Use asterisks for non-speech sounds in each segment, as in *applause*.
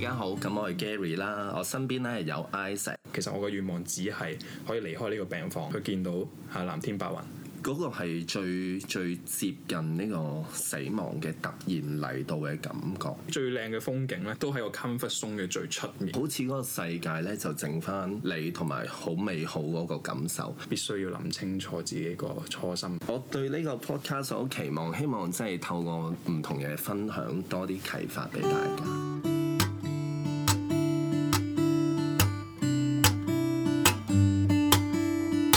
大家好，咁我係 Gary 啦，我身邊咧有 Isaac，其實我嘅願望只係可以離開呢個病房，去見到吓藍天白雲。嗰個係最最接近呢個死亡嘅突然嚟到嘅感覺。最靚嘅風景咧，都喺個 comfort zone 嘅最出面，好似嗰個世界咧就剩翻你同埋好美好嗰個感受。必須要諗清楚自己個初心。我對呢個 Podcast 好期望，希望真係透過唔同嘅分享多啲啟發俾大家。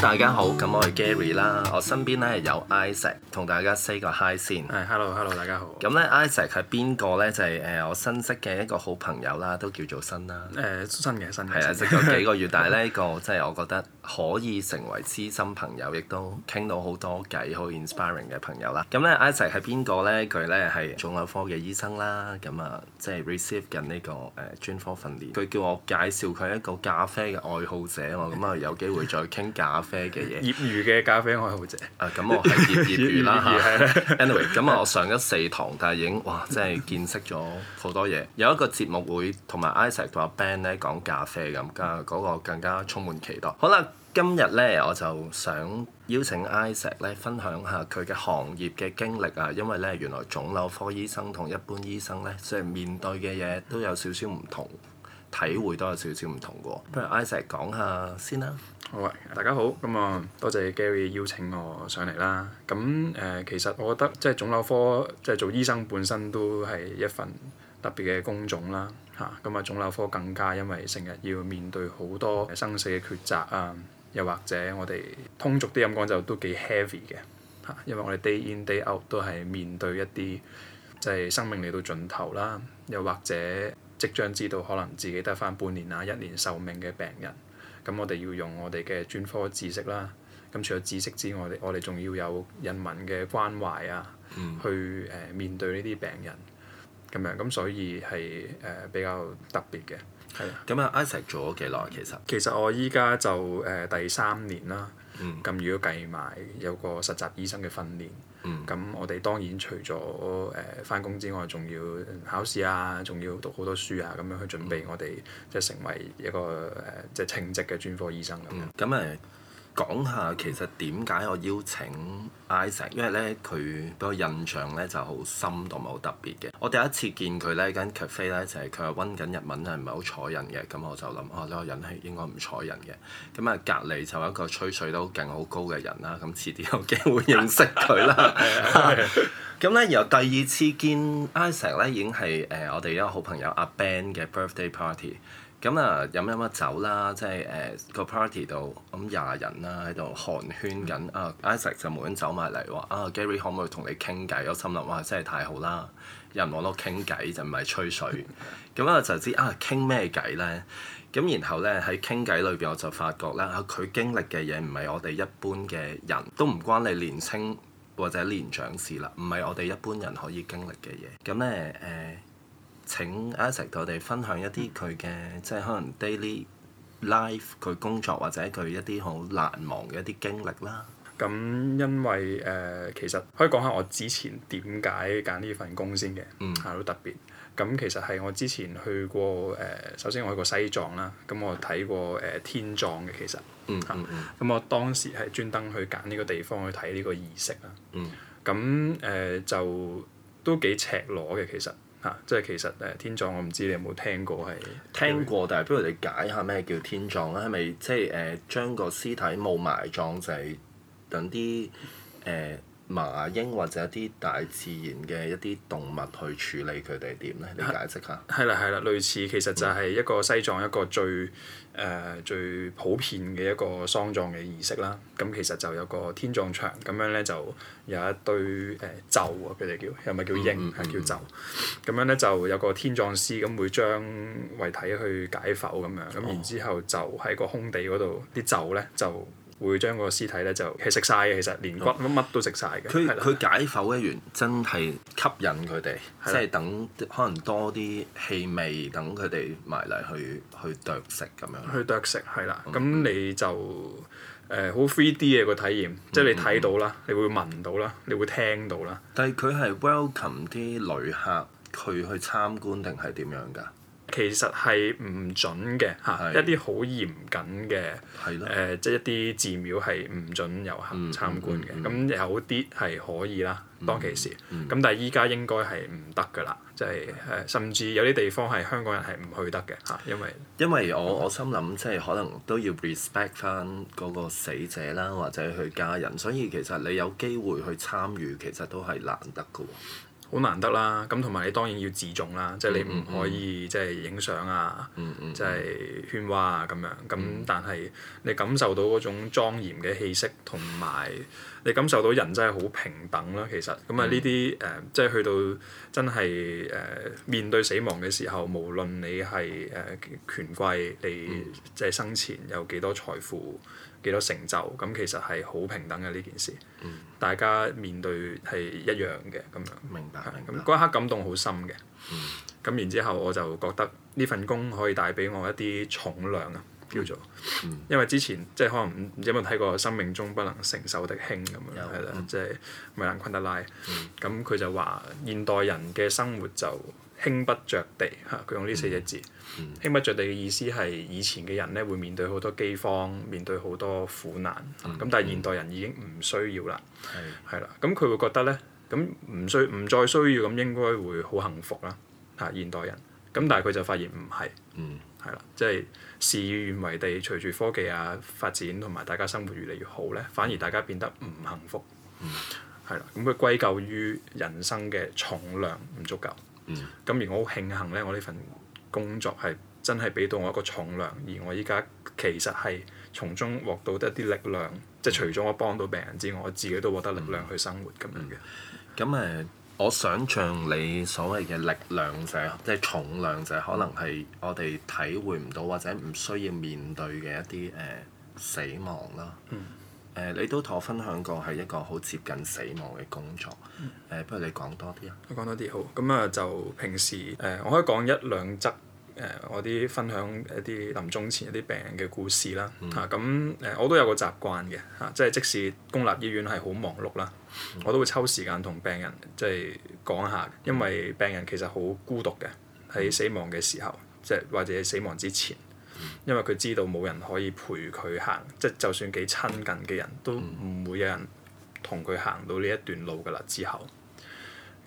大家好，咁我係 Gary 啦，我身邊咧有 Isaac，同大家 say 個 hi 先。係、hey，hello hello，大家好。咁咧，Isaac 係邊個咧？就係、是、誒、呃，我新識嘅一個好朋友啦，都叫做新啦。誒、呃，新嘅新嘅。係啊，識咗幾個月， *laughs* 但係咧呢個即係、就是、我覺得。可以成為知心朋友，亦都傾到好多偈，好 inspiring 嘅朋友啦。咁咧，Isaac 係邊個咧？佢咧係腫瘤科嘅醫生啦。咁、嗯、啊，即、就、係、是、receive 緊呢個誒、嗯、專科訓練。佢叫我介紹佢一個咖啡嘅愛好者喎。咁啊，有機會再傾咖啡嘅嘢。業餘嘅咖啡愛好者。 *laughs* 啊，咁我係業業，業，啦業餘啦嚇。anyway，咁啊，我上咗四堂，但係已經哇，真係見識咗好多嘢。有一個節目會同埋 Isaac 同阿 Ben 咧講咖啡咁，咁、嗯嗯、啊嗰、那個更加充滿期待。好啦。好。今日咧，我就想邀請 Isaac 咧分享下佢嘅行業嘅經歷啊，因為咧原來腫瘤科醫生同一般醫生咧，即係面對嘅嘢都有少少唔同，體會都有少少唔同嘅喎。不如 Isaac 講下先啦。好啊，大家好，咁、嗯、啊多謝 Gary 邀請我上嚟啦。咁誒、呃，其實我覺得即係腫瘤科即係做醫生本身都係一份特別嘅工種啦，嚇。咁啊，腫、嗯、瘤科更加因為成日要面對好多生死嘅抉擇啊。又或者我哋通俗啲咁講就都幾 heavy 嘅吓，因為我哋 day in day out 都係面對一啲就係生命嚟到盡頭啦，又或者即將知道可能自己得翻半年啊一年壽命嘅病人，咁我哋要用我哋嘅專科知識啦，咁除咗知識之外，我哋仲要有人文嘅關懷啊，mm. 去誒、呃、面對呢啲病人，咁樣，咁所以係誒、呃、比較特別嘅。係啊，咁啊，Isaac 做咗幾耐？其實其實我依家就誒、呃、第三年啦。嗯。咁如果計埋有個實習醫生嘅訓練。嗯。咁我哋當然除咗誒返工之外，仲要考試啊，仲要讀好多書啊，咁樣去準備我哋、嗯、即係成為一個誒、呃、即係稱職嘅專科醫生咁樣。咁誒、嗯。講下其實點解我邀請 Isaac，因為咧佢俾我印象咧就好深同埋好特別嘅。我第一次見佢咧，間 cafe 咧就係佢係温緊日文，就唔係好睬人嘅。咁我就諗，哦呢、呢個人係應該唔睬人嘅。咁啊隔離就有一個吹水都勁好高嘅人啦。咁遲啲有機會認識佢啦。咁咧然後第二次見 Isaac 咧，已經係誒、呃、我哋一個好朋友阿 Ben 嘅 Birthday Party。咁、嗯嗯呃嗯、啊，飲飲乜酒啦，即係誒個 party 度，咁廿人啦喺度寒暄緊。啊，Isaac 就無端走埋嚟話：啊，Gary 可唔可以同你傾偈？我心諗哇，真係太好啦！有人攞到傾偈就唔係吹水。咁啊、 *laughs* 嗯、就知啊傾咩偈咧？咁然後咧喺傾偈裏邊，裡我就發覺咧，佢、啊、經歷嘅嘢唔係我哋一般嘅人，都唔關你年青或者年長事啦。唔係我哋一般人可以經歷嘅嘢。咁咧誒。呃請 Isaac 同我哋分享一啲佢嘅，即係可能 daily life 佢工作或者佢一啲好難忘嘅一啲經歷啦。咁因為誒、呃，其實可以講下我之前點解揀呢份工先嘅嚇，好、嗯啊、特別。咁其實係我之前去過誒、呃，首先我去過西藏啦，咁我睇過誒、呃、天葬嘅其實咁、啊嗯嗯啊、我當時係專登去揀呢個地方去睇呢個儀式啦。咁誒就都幾赤裸嘅其實。啊，即係其實誒天葬，我唔知你有冇聽過，係聽過，但係不如你解、解下咩叫天葬啦，係咪即係誒、呃、將個屍體霧埋葬，就係、是、等啲誒？呃麻鷹或者一啲大自然嘅一啲動物去處理佢哋點咧？你解釋下。係啦係啦，類似其實就係一個西藏一個最誒、呃、最普遍嘅一個喪葬嘅儀式啦。咁其實就有個天葬場，咁樣咧就有一堆誒鷲啊，佢哋叫又咪叫鷹，係叫鷲。咁樣咧就有個天葬師咁會將遺體去解剖咁樣，咁、嗯、然之後就喺個空地嗰度啲鷲咧就。就會將個屍體咧就其實食晒嘅，其實連骨乜乜、嗯、都食晒嘅。佢佢他的解剖嘅原因真係吸引佢哋，即係的等可能多啲氣味等佢哋埋嚟去去啄食咁樣。去啄食係啦，咁、嗯嗯、你就誒好 three D 嘅個體驗，即係你睇到啦，嗯嗯嗯你會聞到啦，你會聽到啦。但係佢係 welcome 啲旅客去去參觀定係點樣㗎？其實係唔準嘅，嚇的一啲好嚴謹嘅，誒的、呃、即係一啲寺廟係唔準遊客參觀嘅。咁、嗯嗯嗯、有啲係可以啦，嗯、當其時。咁、嗯嗯、但係依家應該係唔得㗎啦，即係誒的甚至有啲地方係香港人係唔去得嘅嚇，因為因為我、嗯、我心諗即係可能都要 respect 翻嗰個死者啦，或者佢家人，所以其實你有機會去參與，其實都係難得㗎喎。好難得啦，咁同埋你當然要自重啦，嗯嗯嗯，即係你唔可以即係影相啊，即係喧譁啊咁樣。咁但係你感受到嗰種莊嚴嘅氣息，同埋你感受到人真係好平等啦、啊。其實咁啊，呢啲誒即係去到真係誒、呃、面對死亡嘅時候，無論你係誒權貴，你即係生前有幾多財富。幾多成就咁，其實係好平等嘅呢件事，嗯、大家面對係一樣嘅咁樣。明白，咁嗰一刻感動好深嘅。咁、嗯、然之後我就覺得呢份工可以帶俾我一啲重量啊，嗯、叫做、嗯、因為之前即係可能唔知有冇睇過《生命中不能承受的輕》咁樣係啦，有嗯、即係米蘭昆德拉咁佢、嗯嗯、就話現代人嘅生活就。輕不着地，嚇佢用呢四隻字。嗯嗯、輕不着地嘅意思係以前嘅人咧，會面對好多饑荒，面對好多苦難。咁、嗯嗯、但係現代人已經唔需要啦，係啦、嗯。咁佢的會覺得咧，咁唔需唔再需要，咁應該會好幸福啦。嚇、啊、現代人，咁但係佢就發現唔係，係啦、嗯，即係、就是、事與願違地，隨住科技啊發展同埋大家生活越嚟越好咧，反而大家變得唔幸福。係啦、嗯，咁佢歸咎於人生嘅重量唔足夠。咁、嗯、而我好慶幸咧，我呢份工作係真係俾到我一個重量，而我依家其實係從中獲到一啲力量，嗯、即係除咗我幫到病人之外，我自己都獲得力量去生活咁、嗯、樣嘅。咁誒、嗯呃，我想像你所謂嘅力量就係即係重量，就係可能係我哋體會唔到或者唔需要面對嘅一啲誒、呃、死亡咯。嗯誒你都同我分享過係一個好接近死亡嘅工作，誒、嗯、不如你講多啲啊！我講多啲好。咁啊就平時誒我可以講一兩則誒我啲分享一啲臨終前一啲病人嘅故事啦嚇，咁誒、嗯、我都有個習慣嘅嚇，即係即使公立醫院係好忙碌啦，嗯、我都會抽時間同病人即係、就是、講下，因為病人其實好孤獨嘅喺死亡嘅時候，即係或者死亡之前。因為佢知道冇人可以陪佢行，即係就算幾親近嘅人都唔會有人同佢行到呢一段路㗎啦。之後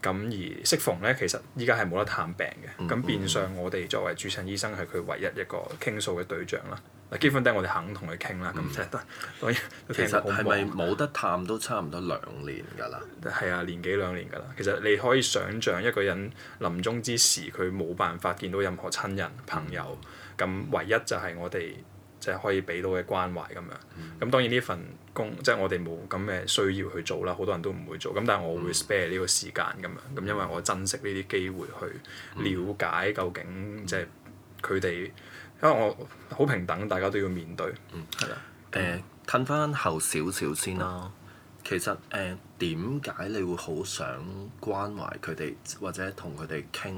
咁而適逢咧，其實依家係冇得探病嘅，咁、嗯、變相我哋作為主診醫生係佢唯一一個傾訴嘅對象啦。啊、嗯，基本上我哋肯同佢傾啦，咁就得。所以其實係咪冇得探都差唔多兩年㗎啦？係啊，年幾兩年㗎啦？其實你可以想象一個人臨終之時，佢冇辦法見到任何親人朋友。嗯。咁唯一就係我哋即係可以俾到嘅關懷咁樣。咁、嗯、當然呢份工即係、就是、我哋冇咁嘅需要去做啦，好多人都唔會做。咁但係我會 spare 呢個時間咁樣，咁、嗯、因為我珍惜呢啲機會去了解究竟即係佢哋，因為我好平等，大家都要面對。嗯，係啦的。誒、嗯，褪翻、呃、後少少先啦。嗯、其實誒，點、呃、解你會好想關懷佢哋或者同佢哋傾？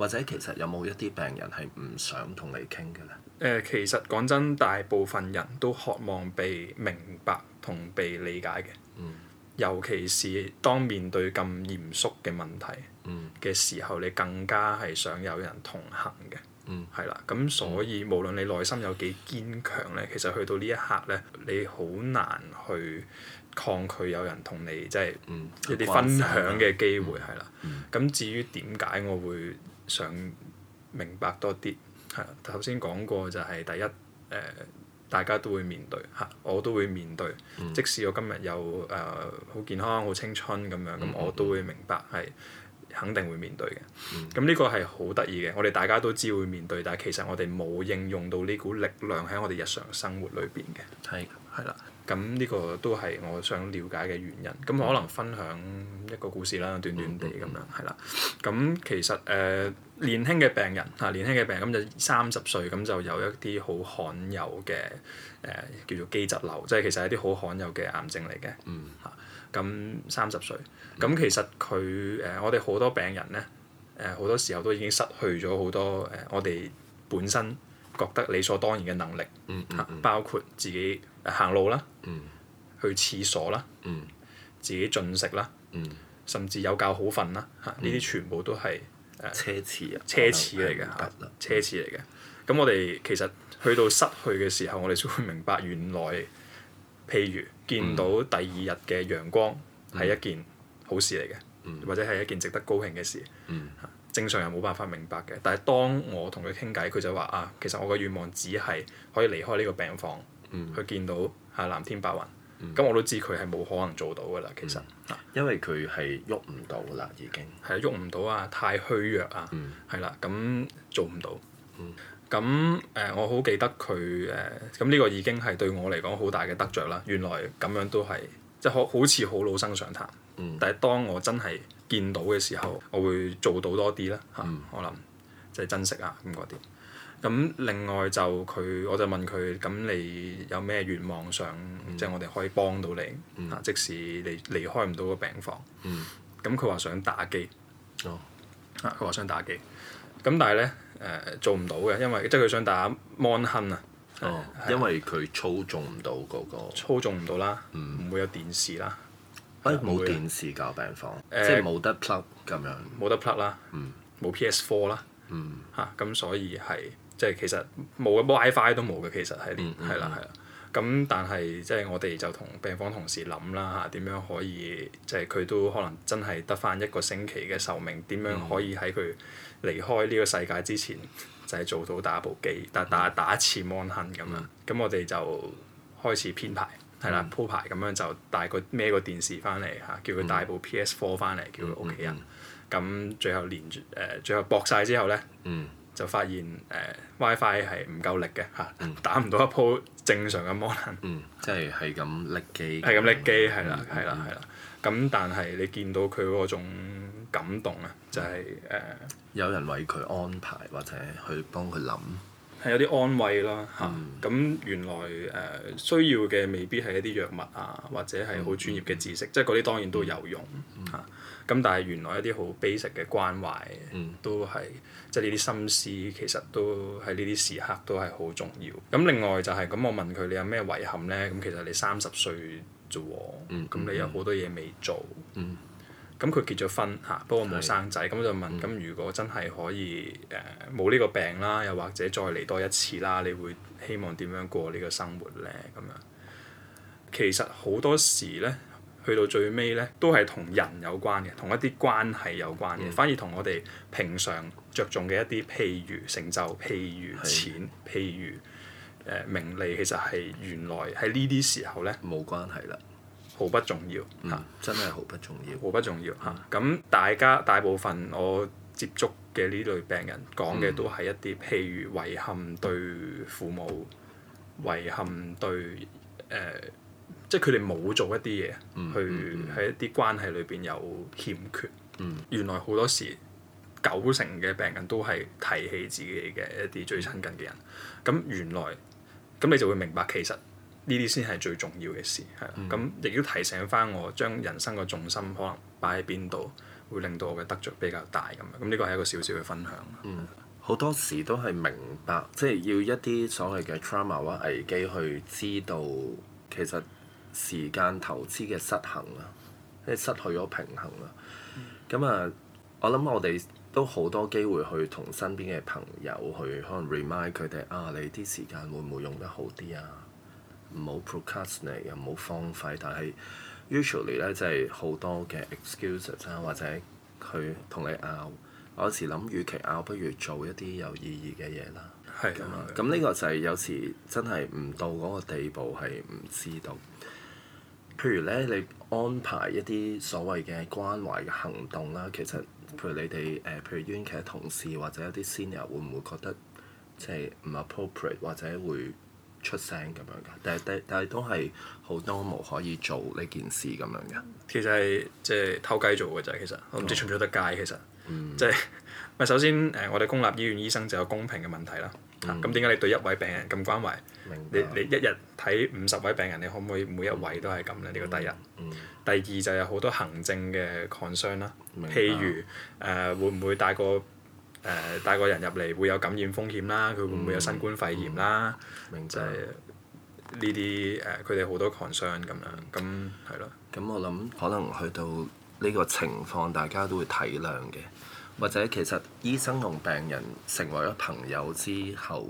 或者其實有冇一啲病人係唔想同你傾嘅咧？誒、呃，其實講真，大部分人都渴望被明白同被理解嘅。嗯、尤其是當面對咁嚴肅嘅問題嘅時候，嗯、你更加係想有人同行嘅。嗯。係啦，咁所以、嗯、無論你內心有幾堅強咧，其實去到呢一刻咧，你好難去抗拒有人同你即係一啲分享嘅機會係啦。咁、嗯嗯、至於點解我會？想明白多啲，係頭先講過就係第一誒、呃，大家都會面對嚇，我都會面對。嗯、即使我今日又誒好健康、好青春咁樣，咁、嗯嗯嗯、我都會明白係肯定會面對嘅。咁呢、嗯、個係好得意嘅，我哋大家都知會面對，但係其實我哋冇應用到呢股力量喺我哋日常生活裏邊嘅。係。係啦，咁呢個都係我想了解嘅原因。咁可能分享一個故事啦，短短地咁樣係啦。咁其實誒、呃、年輕嘅病人、啊、年輕嘅病人咁就三十歲咁就有一啲好罕有嘅誒、啊、叫做基質瘤，即、就、係、是、其實一啲好罕有嘅癌症嚟嘅嚇。咁三十歲咁、嗯、其實佢誒、呃、我哋好多病人咧誒好多時候都已經失去咗好多誒、啊、我哋本身覺得理所當然嘅能力、嗯嗯嗯、包括自己行路啦，嗯、去廁所啦，嗯、自己進食啦，嗯、甚至有覺好瞓啦。嚇、嗯，呢啲全部都係、uh, 奢侈、奢侈嚟嘅嚇，奢侈嚟嘅。咁、嗯、我哋其實去到失去嘅時候，我哋先會明白原來譬如見到第二日嘅陽光係一件好事嚟嘅，嗯、或者係一件值得高興嘅事。嗯、正常人冇辦法明白嘅，但係當我同佢傾偈，佢就話啊，其實我嘅願望只係可以離開呢個病房。嗯，去見到嚇藍天白雲，咁、嗯、我都知佢係冇可能做到噶啦，其實、嗯，因為佢係喐唔到啦，已經係喐唔到啊，太虛弱啊，係啦、嗯，咁做唔到，咁誒、嗯呃、我好記得佢誒，咁、呃、呢個已經係對我嚟講好大嘅得着啦。原來咁樣都係即係好似好老生常談，嗯、但係當我真係見到嘅時候，嗯、我會做到多啲啦嚇，可能即係珍惜啊咁嗰啲。咁另外就佢，我就問佢：咁你有咩願望想？即係我哋可以幫到你，即使你離開唔到個病房。咁佢話想打機。佢話想打機。咁但係咧誒做唔到嘅，因為即係佢想打 Monhun 啊。因為佢操縱唔到嗰個。操縱唔到啦，唔會有電視啦。冇電視教病房，即係冇得 plug 咁樣。冇得 plug 啦。冇 PS Four 啦。嗯。咁所以係。即係其實冇 wifi 都冇嘅。其實係啲係啦，係啦、嗯。咁但係即係我哋就同病房同事諗啦嚇，點樣可以即係佢都可能真係得翻一個星期嘅壽命，點樣可以喺佢離開呢個世界之前就係做到打一部機，但打打，打一次 Mon Hun 咁樣。咁、嗯、我哋就開始編排，係啦、嗯、鋪排。咁樣就帶個孭個電視翻嚟嚇，叫佢帶部 PS4 翻嚟，叫佢屋企人。咁最後連住誒、呃，最後駁晒之後咧。嗯嗯就發現誒 WiFi 係唔夠力嘅嚇，打唔到一鋪正常嘅魔能。嗯，即係係咁力機。係咁力機，係啦，係啦，係啦。咁但係你見到佢嗰種感動啊，就係誒，有人為佢安排或者去幫佢諗。係有啲安慰囉嚇，咁原來誒需要嘅未必係一啲藥物啊，或者係好專業嘅知識，即係嗰啲當然都有用。咁但係原來一啲好 basic 嘅關懷都係。即係呢啲心思，其實都喺呢啲時刻都係好重要。咁另外就係、是、咁，我問佢「你有咩遺憾呢？」咁其實你三十歲咋喎，咁、嗯、你有好多嘢未做。咁佢、嗯、結咗婚吓，不過冇生仔。咁的就問「咁，嗯、如果真係可以誒冇呢個病啦，又或者再嚟多一次啦，你會希望點樣過呢個生活呢？」咁樣其實好多時呢，去到最尾呢，都係同人有關嘅，同一啲關係有關嘅，嗯、反而同我哋平常。着重嘅一啲，譬如成就，譬如錢的譬如、呃、名利，其實係原來喺呢啲時候咧冇關係啦，毫不重要，真係毫不重要，毫、嗯、不重要咁、嗯、大家大部分我接觸嘅呢類病人講嘅都係一啲譬如，遺憾對父母，遺憾對誒，即係佢哋冇做一啲嘢、嗯、去喺、嗯嗯、一啲關係裏邊有欠缺。嗯、原來好多時。九成嘅病人都係提起自己嘅一啲最親近嘅人，咁、嗯、原來咁你就會明白，其實呢啲先係最重要嘅事，係咁亦都提醒返我，將人生個重心可能擺喺邊度，會令到我嘅得着比較大咁啊。咁呢個係一個小小嘅分享。好、嗯、多時都係明白，即、就、係、是、要一啲所謂嘅 trauma 或危機去知道，其實時間投資嘅失衡啦，即係失去咗平衡啦。咁啊、嗯，我諗我哋，都好多機會去同身邊嘅朋友去可能 remind 佢哋啊，你啲時間會唔會用得好啲啊？唔好 procrastinate 又唔好荒廢，但係 usually 咧就係好多嘅 excuses 啦，或者佢同你拗，我有時諗與其拗，不如做一啲有意義嘅嘢啦。係啊！咁呢個就係有時真係唔到嗰個地步係唔知道。譬如咧，你安排一啲所謂嘅關懷嘅行動啦，其實～譬如你哋誒，譬如醫院同事或者有啲 senior 會唔會覺得即係唔 appropriate 或者會出聲咁樣㗎？但係，但係都係好 normal 可以做呢件事咁樣嘅。其實係即係偷雞做嘅啫。其實，我唔知出唔出得街，其實，即係咪首先誒，我哋公立醫院醫生就有公平嘅問題啦。咁點解你對一位病人咁關懷？你你一日睇五十位病人，你可唔可以每一位都係咁咧？呢個第一。第二就有好多行政嘅 concern 啦，譬如誒、呃、會唔會帶個誒、呃、帶個人入嚟會有感染風險啦？佢會唔會有新冠肺炎啦？就係呢啲誒，佢哋好多 concern 咁樣，咁係咯。咁我諗可能去到呢個情況，大家都會體諒嘅。或者其實醫生同病人成為咗朋友之後。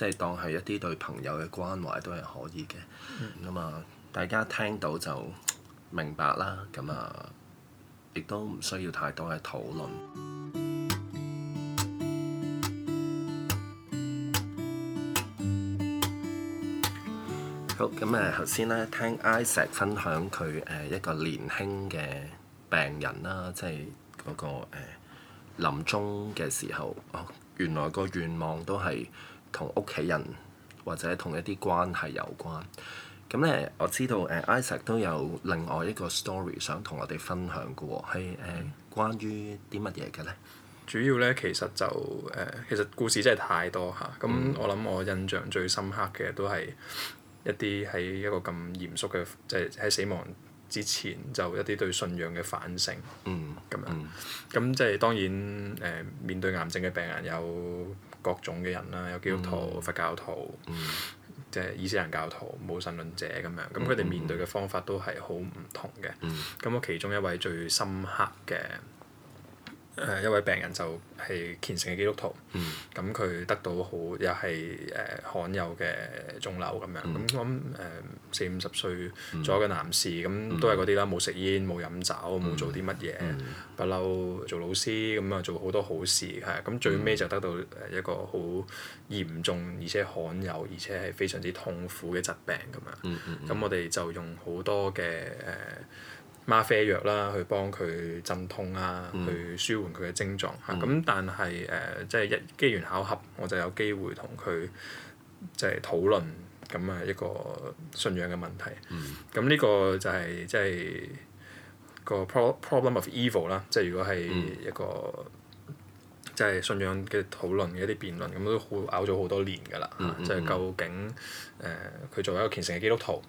即係當係一啲對朋友嘅關懷都係可以嘅。咁啊，大家聽到就明白啦，咁啊，亦都唔需要太多嘅討論。嗯、好，咁誒，頭先咧聽 Isaac 分享佢誒、呃、一個年輕嘅病人啦，即係嗰、那個誒臨終嘅時候，哦，原來個願望都係～同屋企人或者同一啲關係有關，咁咧我知道誒，Isaac 都有另外一個 story 想同我哋分享嘅喎，係誒、呃、關於啲乜嘢嘅咧？主要咧其實就誒、呃，其實故事真係太多嚇。咁我諗我印象最深刻嘅都係一啲喺一個咁嚴肅嘅，即係喺死亡之前就一啲對信仰嘅反省。嗯。咁樣。咁即係當然誒、呃，面對癌症嘅病人有。各種嘅人啦，有基督徒、佛教徒、即係伊斯蘭教徒、無神論者咁樣，咁佢哋面對嘅方法都係好唔同嘅。咁、嗯嗯嗯、我其中一位最深刻嘅。誒一位病人就係虔誠嘅基督徒，咁佢、嗯、得到好又係誒罕有嘅腫瘤咁樣，咁咁誒四五十歲左右嘅男士，咁都係嗰啲啦，冇食煙，冇飲酒，冇做啲乜嘢，不嬲、嗯嗯、做老師，咁啊做好多好事係，咁最尾就得到一個好嚴重而且罕有而且係非常之痛苦嘅疾病咁樣，咁、嗯嗯嗯、我哋就用好多嘅誒。呃嗎啡藥啦，去幫佢鎮痛啊，嗯、去舒緩佢嘅症狀。咁、嗯啊、但係誒，即、呃、係、就是、一機緣巧合，我就有機會同佢即係討論咁啊一個信仰嘅問題。咁呢、嗯、個就係即係個 pro problem of evil 啦。即係如果係一個即係、嗯、信仰嘅討論嘅一啲辯論，咁都好拗咗好多年㗎啦。即係、嗯嗯嗯、究竟誒，佢、呃、作為一個虔誠嘅基督徒，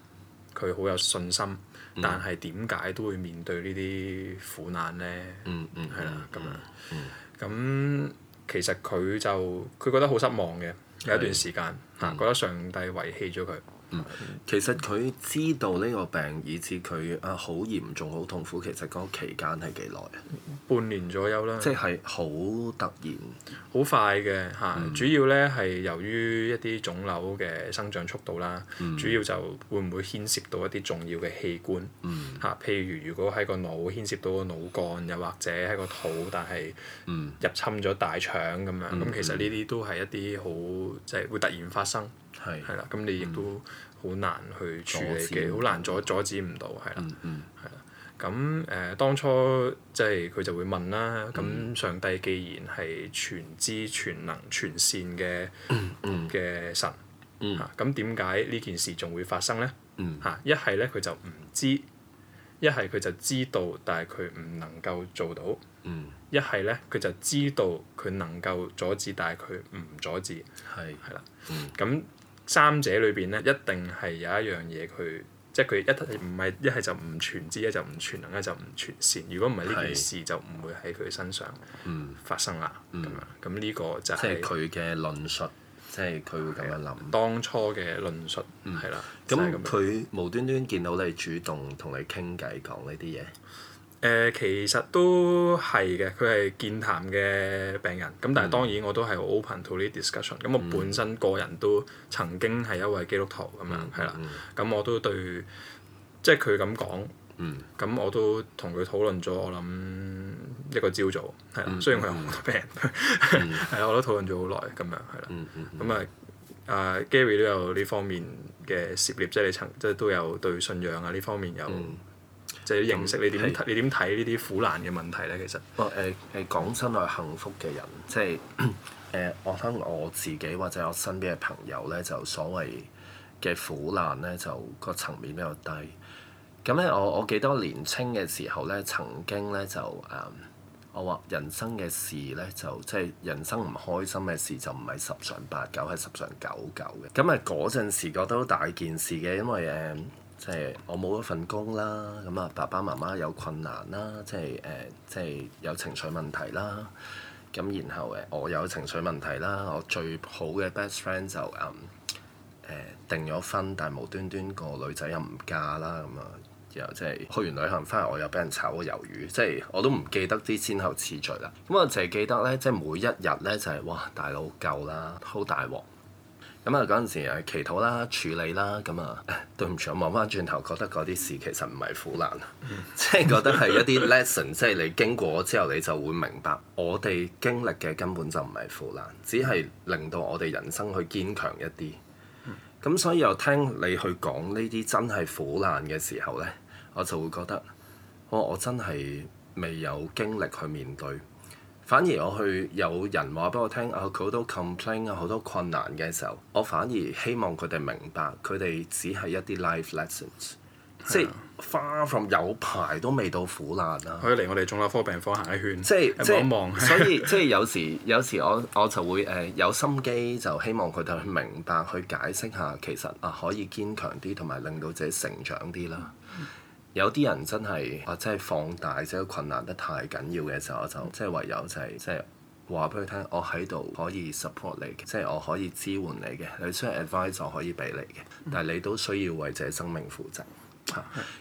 佢好有信心。但係點解都會面對呢啲苦難咧？係啦，咁樣。咁其實佢就佢覺得好失望嘅，有一段時間嚇，的覺得上帝遺棄咗佢。唔、嗯，其實佢知道呢個病以致佢啊好嚴重、好痛苦，其實嗰個期間係幾耐啊？半年左右啦。即係好突然。好快嘅嚇，啊嗯、主要咧係由於一啲腫瘤嘅生長速度啦，嗯、主要就會唔會牽涉到一啲重要嘅器官嚇、嗯啊。譬如如果喺個腦牽涉到個腦幹，又或者喺個肚，但係入侵咗大腸咁樣，咁、嗯嗯、其實呢啲都係一啲好即係會突然發生。係啦，咁你亦都好難去處理嘅，好難阻阻止唔到，係啦，係啦。咁誒，當初即係佢就會問啦。咁上帝既然係全知、全能、全善嘅嘅神，嚇咁點解呢件事仲會發生咧？嚇一係咧佢就唔知，一係佢就知道，但係佢唔能夠做到。一係咧佢就知道佢能夠阻止，但係佢唔阻止。係啦，咁。三者裏邊咧，一定係有一樣嘢佢，即係佢一唔係一係就唔全知咧，一係就唔全能咧，一係就唔全善。如果唔係呢件事，就唔會喺佢身上發生啦。咁、嗯、樣咁呢個就係佢嘅論述，即係佢會咁樣諗。當初嘅論述，嗯，係啦，咁、就、佢、是嗯、無端端見到你主動同你傾偈講呢啲嘢。誒、呃、其實都係嘅，佢係健談嘅病人咁，但係當然我都係 open to 呢啲 discussion、嗯。咁我本身個人都曾經係一位基督徒咁樣係啦，咁、嗯嗯、我都對即係佢咁講，咁、就是嗯、我都同佢討論咗。我諗一個朝早係啦，Creator，雖然佢有好多病人，係啦，我都討論咗好耐咁樣係啦。咁啊、嗯嗯嗯、啊 Gary 都有呢方面嘅涉獵，即係你曾即係都有對信仰啊呢方面有。就要認識你點睇是你點睇呢啲苦難嘅問題咧？其實、哦，誒誒講真，我係幸福嘅人，即係誒、呃、我睇我自己或者我身邊嘅朋友咧，就所謂嘅苦難咧，就個層面比較低。咁咧，我我記得年青嘅時候咧，曾經咧就誒、嗯，我話人生嘅事咧，就即係人生唔開心嘅事，就唔係十常八九，係十常九九嘅。咁啊，嗰陣時覺得好大件事嘅，因為誒、呃即係我冇一份工啦，咁啊爸爸媽媽有困難啦，即係誒、呃，即係有情緒問題啦。咁然後誒，我有情緒問題啦，我最好嘅 best friend 就誒、呃、定咗婚，但係無端端個女仔又唔嫁啦，咁啊，然後即係去完旅行翻嚟，我又俾人炒個魷魚，即係我都唔記得啲先後次序啦。咁啊，凈係記得咧，即係每一日咧就係、是、哇，大佬夠啦，好大鑊。咁啊，嗰陣、嗯、時啊，祈禱啦，處理啦，咁啊，對唔住，我望翻轉頭，覺得嗰啲事其實唔係苦難，即係 *laughs* 覺得係一啲 lesson，即係你經過之後，你就會明白，我哋經歷嘅根本就唔係苦難，只係令到我哋人生去堅強一啲。咁 *laughs* 所以又聽你去講呢啲真係苦難嘅時候咧，我就會覺得，我我真係未有經歷去面對。反而我去有人話俾我聽啊，佢、哦、好多 complain 啊，好多困難嘅時候，我反而希望佢哋明白，佢哋只係一啲 life lessons，即係 *music* far from 有排都未到苦難啊。佢嚟 *music* 我哋腫瘤科病房行一圈，即係望一望。 *laughs* 所以即係有時有時我我就會誒、呃、有心機，就希望佢哋去明白，去解釋下其實啊、呃、可以堅強啲，同埋令到自己成長啲啦。 *music* 有啲人真係啊，真係放大，即係困難得太緊要嘅時候，就即係唯有就係、是、即係話俾佢聽，我喺度可以 support 你，即係我可以支援你嘅，你需要 advice 就可以俾你嘅，但係你都需要為自己生命負責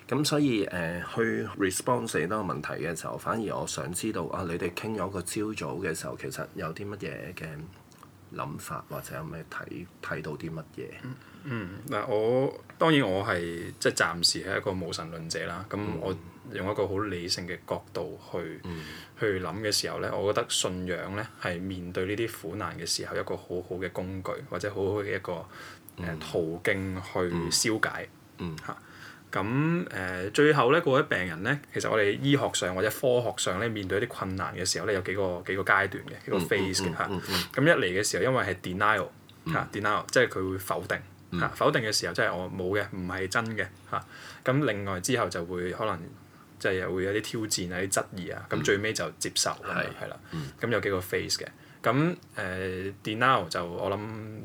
咁、啊、所以誒、呃，去 respond 你嗰個問題嘅時候，反而我想知道啊，你哋傾咗個朝早嘅時候，其實有啲乜嘢嘅諗法，或者有咩睇睇到啲乜嘢？嗯嗱，我當然我係即係暫時係一個無神論者啦。咁我用一個好理性嘅角度去、嗯、去諗嘅時候咧，我覺得信仰咧係面對呢啲苦難嘅時候一個好好嘅工具，或者好好嘅一個誒、嗯、途徑去消解嚇。咁誒、嗯嗯啊呃、最後咧，嗰啲病人咧，其實我哋醫學上或者科學上咧，面對一啲困難嘅時候咧，有幾個幾個階段嘅幾個 phase 嘅嚇。咁一嚟嘅時候，因為係 denial 嚇，denial 即係佢會否定。嚇、嗯、否定嘅時候，即、就、係、是、我冇嘅，唔係真嘅嚇。咁、啊、另外之後就會可能即係會有啲挑戰有啊，啲質疑啊。咁最尾就接受係啦。咁有幾個 phase 嘅。咁誒 denial 就我諗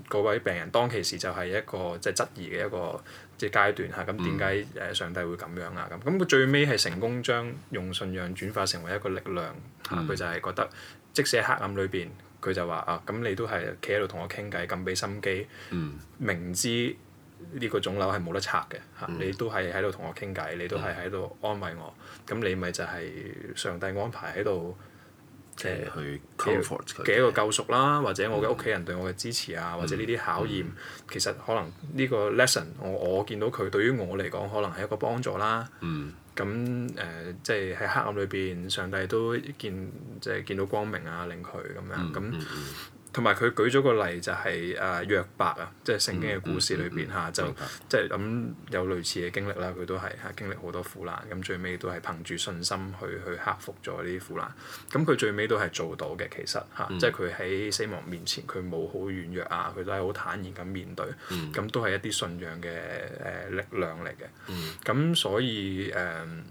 嗰位病人當其時就係一個即係、就是、質疑嘅一個即係階段嚇。咁點解誒上帝會咁樣、嗯、啊？咁咁佢最尾係成功將用信仰轉化成為一個力量佢、嗯嗯、就係覺得即使喺黑暗裏邊。佢就話啊，咁你都係企喺度同我傾偈，咁俾心機，嗯、明知呢個腫瘤係冇得拆嘅、嗯、你都係喺度同我傾偈，你都係喺度安慰我，咁你咪就係上帝安排喺度。即係去嘅一個救贖啦，或者我嘅屋企人對我嘅支持啊，嗯、或者呢啲考驗，嗯嗯、其實可能呢個 lesson，我我見到佢對於我嚟講，可能係一個幫助啦。咁誒、嗯，即係喺黑暗裏邊，上帝都見即係、即係、見到光明啊，令佢咁樣咁。同埋佢舉咗個例就係誒約伯啊，即、就、係、是、聖經嘅故事裏邊嚇就即係咁有類似嘅經歷啦。佢都係嚇經歷好多苦難，咁最尾都係憑住信心去去克服咗呢啲苦難。咁佢最尾都係做到嘅，其實嚇即係佢喺死亡面前佢冇好軟弱啊，佢都係好坦然咁面對，咁、嗯、都係一啲信仰嘅誒力量嚟嘅。咁、嗯、所以誒。嗯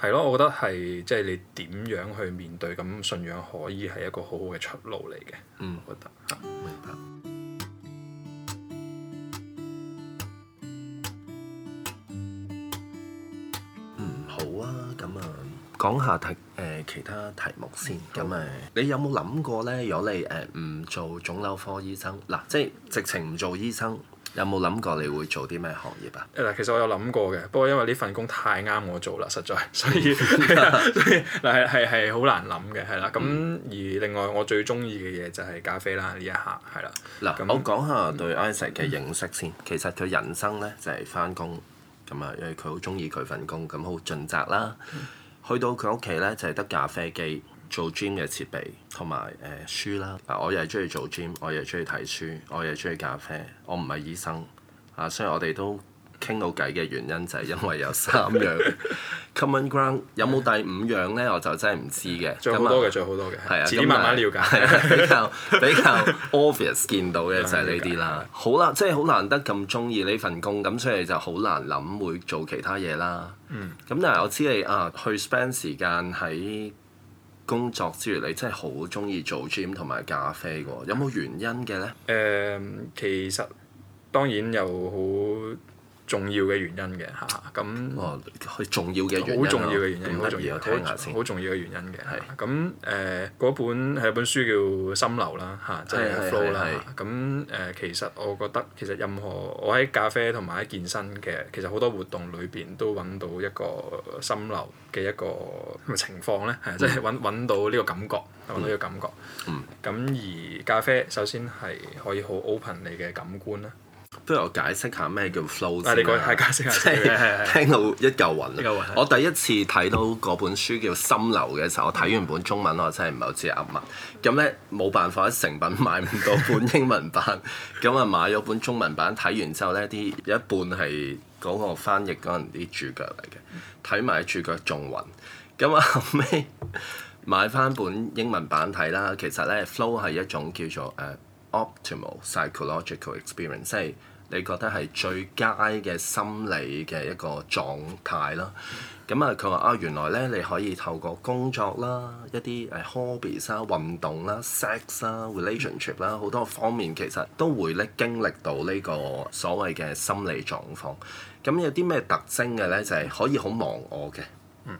係咯，我覺得係即係你點樣去面對，咁信仰可以係一個好好嘅出路嚟嘅。嗯，我覺得。嗯、明白。嗯，好啊，咁啊，講下題誒、呃、其他題目先，咁誒好，你有冇諗過咧？如果你誒唔、呃、做腫瘤科醫生，嗱、啊，即係直情唔做醫生。有冇諗過你會做啲咩行業啊？嗱，其實我有諗過嘅，不過因為呢份工太啱我做啦，實在，所以，所以嗱係係係好難諗嘅，係啦。咁而另外我最中意嘅嘢就係咖啡啦，呢一下係啦。嗱，喏那我講下對 Isaac 嘅認識先。嗯、其實佢人生咧就係返工咁啊，因為佢好中意佢份工，咁好盡責啦。嗯、去到佢屋企咧，就係、是、得咖啡機，做 gym 嘅設備同埋誒書啦，我又係中意做 gym，我又係中意睇書，我又係中意咖啡。我唔係醫生啊，所以我哋都傾到偈嘅原因就係因為有三樣 common ground。有冇第五樣咧？我就真係唔知嘅。做好多嘅，最好多嘅。係啊，慢慢了解。比較比較 obvious 見到嘅就係呢啲啦。好啦，即係好難得咁中意呢份工，咁所以就好難諗會做其他嘢啦。嗯。咁但係我知你啊，去 spend 時間喺～工作之餘，你真係好中意做 gym 同埋咖啡噶？有冇原因嘅咧？誒、呃，其實當然有好重要嘅原因嘅嚇，咁哦重要嘅原因好重要嘅原因，好、哦、重要原因，好重要嘅原因嘅，咁誒嗰本係一本書叫《心流》啦嚇，即係 flow 啦，咁誒其實我覺得其實任何我喺咖啡同埋喺健身，嘅，其實好多活動裏邊都揾到一個心流嘅一個情況咧，係即係揾揾到呢個感覺，揾到呢個感覺。咁、嗯嗯、而咖啡首先係可以好 open 你嘅感官啦。不如我解釋下咩叫 flow、啊。你我解釋下。即係 *laughs* 聽到一嚿雲。我第一次睇到嗰本書叫《心流》嘅時候，我睇完本中文，我真係唔係好知噏乜。咁咧冇辦法，成品買唔到本英文版，咁啊 *laughs* 買咗本中文版睇完之後咧，啲一半係嗰個翻譯嗰人啲主角嚟嘅，睇埋主角仲暈。咁啊後尾買翻本英文版睇啦。其實咧，flow 係一種叫做誒。呃 Optimal、um、psychological experience 即係你覺得係最佳嘅心理嘅一個狀態啦。咁啊、嗯，佢話啊，原來咧你可以透過工作啦、一啲誒、uh, hobbies 啦、啊、運動啦、sex、啊、啦、relationship 啦，好多方面其實都會咧經歷到呢個所謂嘅心理狀況。咁有啲咩特徵嘅咧？就係、是、可以好忘我嘅。嗯。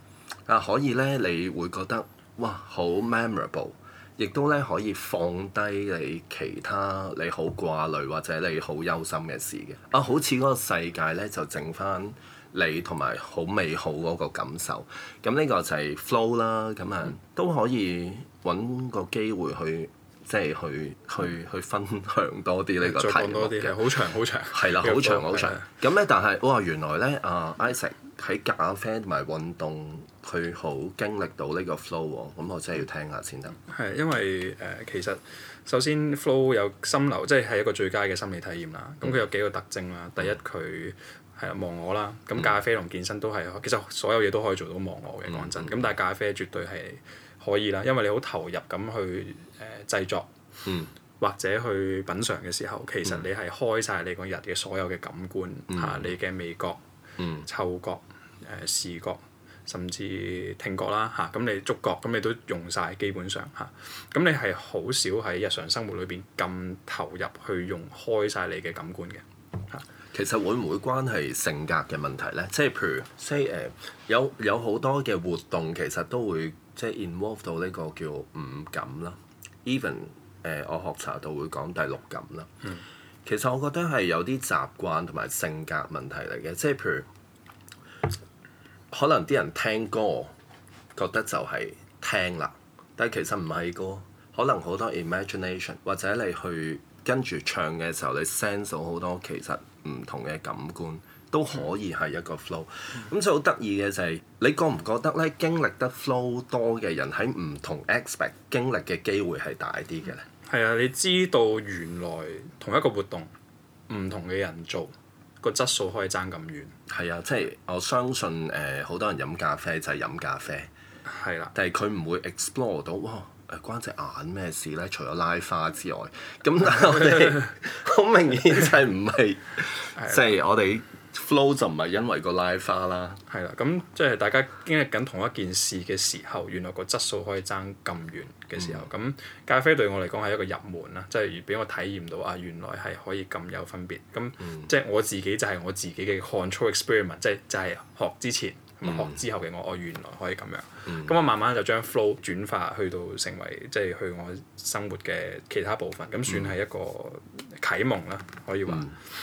啊，可以咧，你會覺得哇，好 memorable。亦都咧可以放低你其他你好掛慮或者你好憂心嘅事嘅啊，好似嗰個世界咧就剩返你同埋好美好嗰個感受，咁呢個就係 flow 啦，咁啊都可以揾個機會去即係、就是、去、嗯、去去，去分享多啲呢個題目多啲好長好長，係啦，好長好長。咁咧的，但係哇，原來咧啊 Isaac 喺咖啡同埋運動，佢好經歷到呢個 flow 喎、啊，咁、嗯、我真係要聽下先得。係，因為誒、呃、其實首先 flow 有心流，即係係一個最佳嘅心理體驗啦。咁佢、嗯、有幾個特徵啦。第一，佢係、啊、忘我啦。咁咖啡同健身都係，其實所有嘢都可以做到忘我嘅。講真，咁但係咖啡絕對係可以啦，因為你好投入咁去誒、呃、製作，嗯、或者去品嚐嘅時候，其實你係開晒你個日嘅所有嘅感官嚇、啊，你嘅味覺、嗅覺。嗯誒、呃、視覺，甚至聽覺啦嚇，咁、啊、你觸覺，咁你都用晒基本上嚇，咁、啊、你係好少喺日常生活裏邊咁投入去用開晒你嘅感官嘅嚇。啊、其實會唔會關係性格嘅問題咧？即、就、係、是、譬如，即係誒有有好多嘅活動，其實都會即係、就是、involve 到呢個叫五感啦。Even 誒、uh，我學茶道會講第六感啦。嗯、其實我覺得係有啲習慣同埋性格問題嚟嘅，即、就、係、是、譬如。可能啲人聽歌覺得就係聽啦，但係其實唔係歌。可能好多 imagination，或者你去跟住唱嘅時候，你 sense 到好多其實唔同嘅感官都可以係一個 flow。咁所以好得意嘅就係、就是，你覺唔覺得咧？經歷得 flow 多嘅人喺唔同 aspect 經歷嘅機會係大啲嘅咧？係啊，你知道原來同一個活動，唔同嘅人做。個質素可以差咁遠，係啊！即係我相信誒，好多人飲咖啡就係飲咖啡，係啦的。但係佢唔會 explore 到，哇！誒，關隻眼咩事咧？除咗拉花之外，咁我哋好 *laughs* 明顯就係唔係，即係 *laughs* 我哋。flow 就唔係因為個拉花啦，係啦，咁即係大家經歷緊同一件事嘅時候，原來個質素可以差咁遠嘅時候，咁、嗯、咖啡對我嚟講係一個入門啦，即係俾我體驗到啊，原來係可以咁有分別，咁即係我自己就係我自己嘅 control experiment，即係就係學之前。嗯、學之後嘅我，我原來可以咁樣，咁、嗯、我慢慢就將 flow 轉化去到成為即係、就是、去我生活嘅其他部分，咁算係一個啟蒙啦，可以話。咁、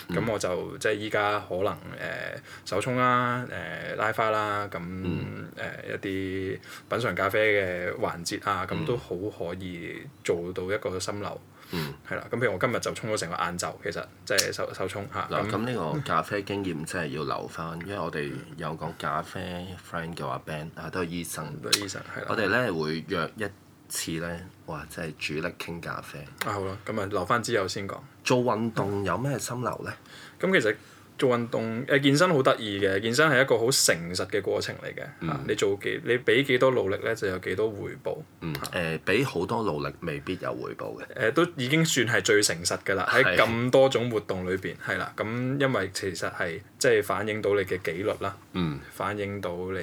嗯嗯、我就即係依家可能誒、呃、手沖啦、啊、誒、呃、拉花啦、啊，咁誒、嗯呃、一啲品嚐咖啡嘅環節啊，咁都好可以做到一個心流。嗯，係啦，咁、嗯、譬如我今日就沖咗成個晏晝，其實即係手手沖吓。嗱、就是，咁呢、啊嗯嗯、個咖啡經驗真係要留翻，因為我哋有個咖啡 friend 叫阿 Ben 啊都係醫生。都醫生，係啦。我哋咧會約一次咧，哇！即係煮粒傾咖啡。聊聊啊好啦，咁、嗯、啊留翻之後先講。做運動有咩心流咧？咁、嗯嗯、其實。做運動健身好得意嘅，健身係一個好誠實嘅過程嚟嘅。嗯啊、你做幾你俾幾多，多、嗯呃、多努力咧，就有幾多回報，嗯俾好多努力未必有回報嘅。誒、啊、都已經算係最誠實㗎啦，喺咁的多種活動裏邊係啦。咁因為其實係即係反映到你嘅紀律啦，嗯、反映到你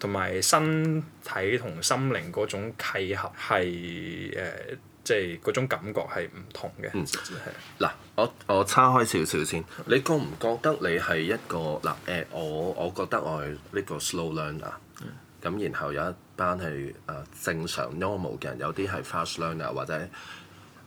同埋身體同心靈嗰種契合係誒。呃即係嗰種感覺係唔同嘅。嗯，嗱是，我我叉開少少先。你覺唔覺得你係一個嗱？誒、呃，我我覺得我係呢個 slow learner、嗯。咁然後有一班係誒、呃、正常 normal 嘅人，有啲係 fast learner 或者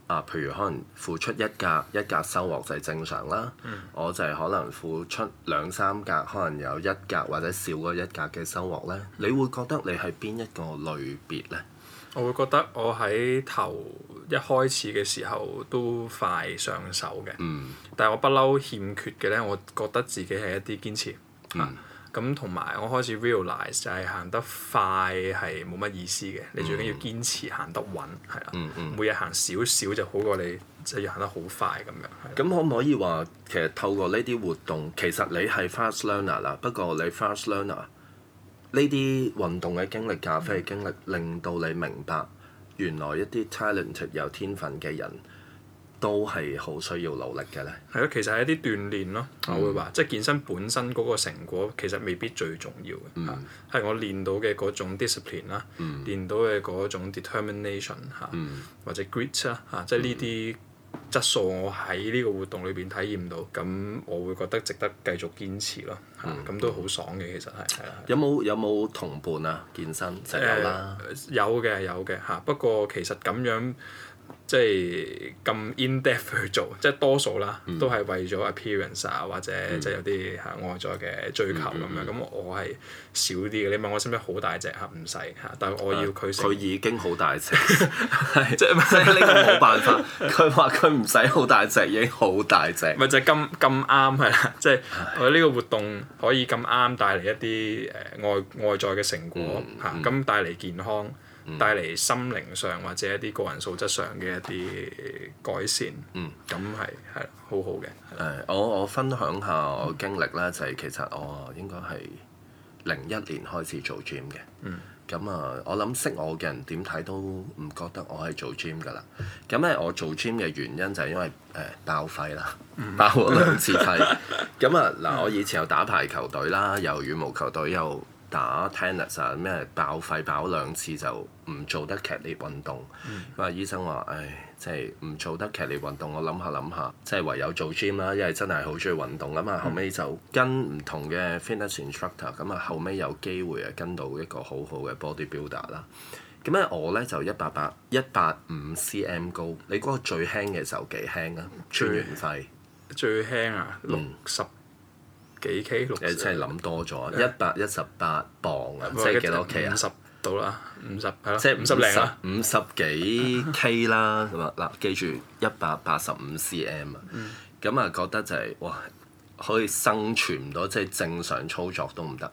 啊、呃，譬如可能付出一格一格收穫就係正常啦。嗯、我就係可能付出兩三格，可能有一格或者少過一格嘅收穫咧。嗯、你會覺得你係邊一個類別咧？我會覺得我喺頭一開始嘅時候都快上手嘅，嗯、但係我不嬲欠缺嘅咧，我覺得自己係一啲堅持咁，同埋我開始 realize 就係行得快係冇乜意思嘅，你最緊要堅持行得穩係啦，每日行少少就好過你即係行得好快咁樣。咁可唔可以話其實透過呢啲活動，其實你係 fast learner 啦，不過你 fast learner 呢啲運動嘅經歷、咖啡嘅經歷，令到你明白，原來一啲 talent 有天分嘅人，都係好需要努力嘅咧。係咯，其實係一啲鍛鍊咯，mm. 我會話，即係健身本身嗰個成果，其實未必最重要嘅。嗯。係我練到嘅嗰種 discipline 啦，mm. 練到嘅嗰種 determination 吓，mm. 或者 grit 啊，即係呢啲。質素我喺呢個活動裏邊體驗到，咁我會覺得值得繼續堅持咯，嚇，咁都好爽嘅，其實係。有冇，有冇同伴啊？健身？有嘅、呃、有嘅嚇，不過其實咁樣。即係咁 in-depth 去做，即係多數啦，嗯、都係為咗 appearance 啊，或者即係有啲外在嘅追求咁、嗯嗯嗯嗯、樣。咁我係少啲嘅。你問我是是，使唔使好大隻嚇？唔使，但係我要佢成。佢、啊、已經好大隻，即係呢個冇辦法。佢話佢唔使好大隻，已經好大隻。咪 *laughs* 就係咁咁啱係啦，即係、就係、我呢個活動可以咁啱帶嚟一啲誒外外在嘅成果嚇，咁、嗯嗯嗯嗯、帶嚟健康。帶嚟心靈上或者一啲個人素質上嘅一啲改善。嗯，咁係係好好嘅。誒，我我分享下我經歷啦，就係、是、其實我應該係零一年開始做 gym 嘅。嗯。咁啊，我諗識我嘅人點睇都唔覺得我係做 gym 噶啦。咁咧，我做 gym 嘅原因就係因為誒爆肺啦，爆咗、嗯、兩次肺。咁啊， *laughs* 嗱，我以前有打排球隊啦，又羽毛球隊又。打 tennis 啊咩爆肺爆兩次就唔做得劇烈運動，咁啊、嗯、醫生話：唉，即係唔做得劇烈運動。我諗下諗下，即係唯有做 gym 啦。因為真係好中意運動啊嘛。後尾就跟唔同嘅 fitness instructor，咁啊後尾有機會啊跟到一個好好嘅 bodybuilder 啦。咁咧我咧就一八八一八五 cm 高，你嗰個最輕嘅時候幾輕啊？穿完肺最輕啊六十。幾 K？六千真係諗多咗，一百一十八磅啊！嗯、即係幾多 K 啊？五十到啦，五十係咯，即係五十零五十幾 K 啦咁啊！嗱，記住一百八十五 cm 啊！咁啊、嗯，覺得就係、是、哇，可以生存唔到，即、就、係、是、正常操作都唔得。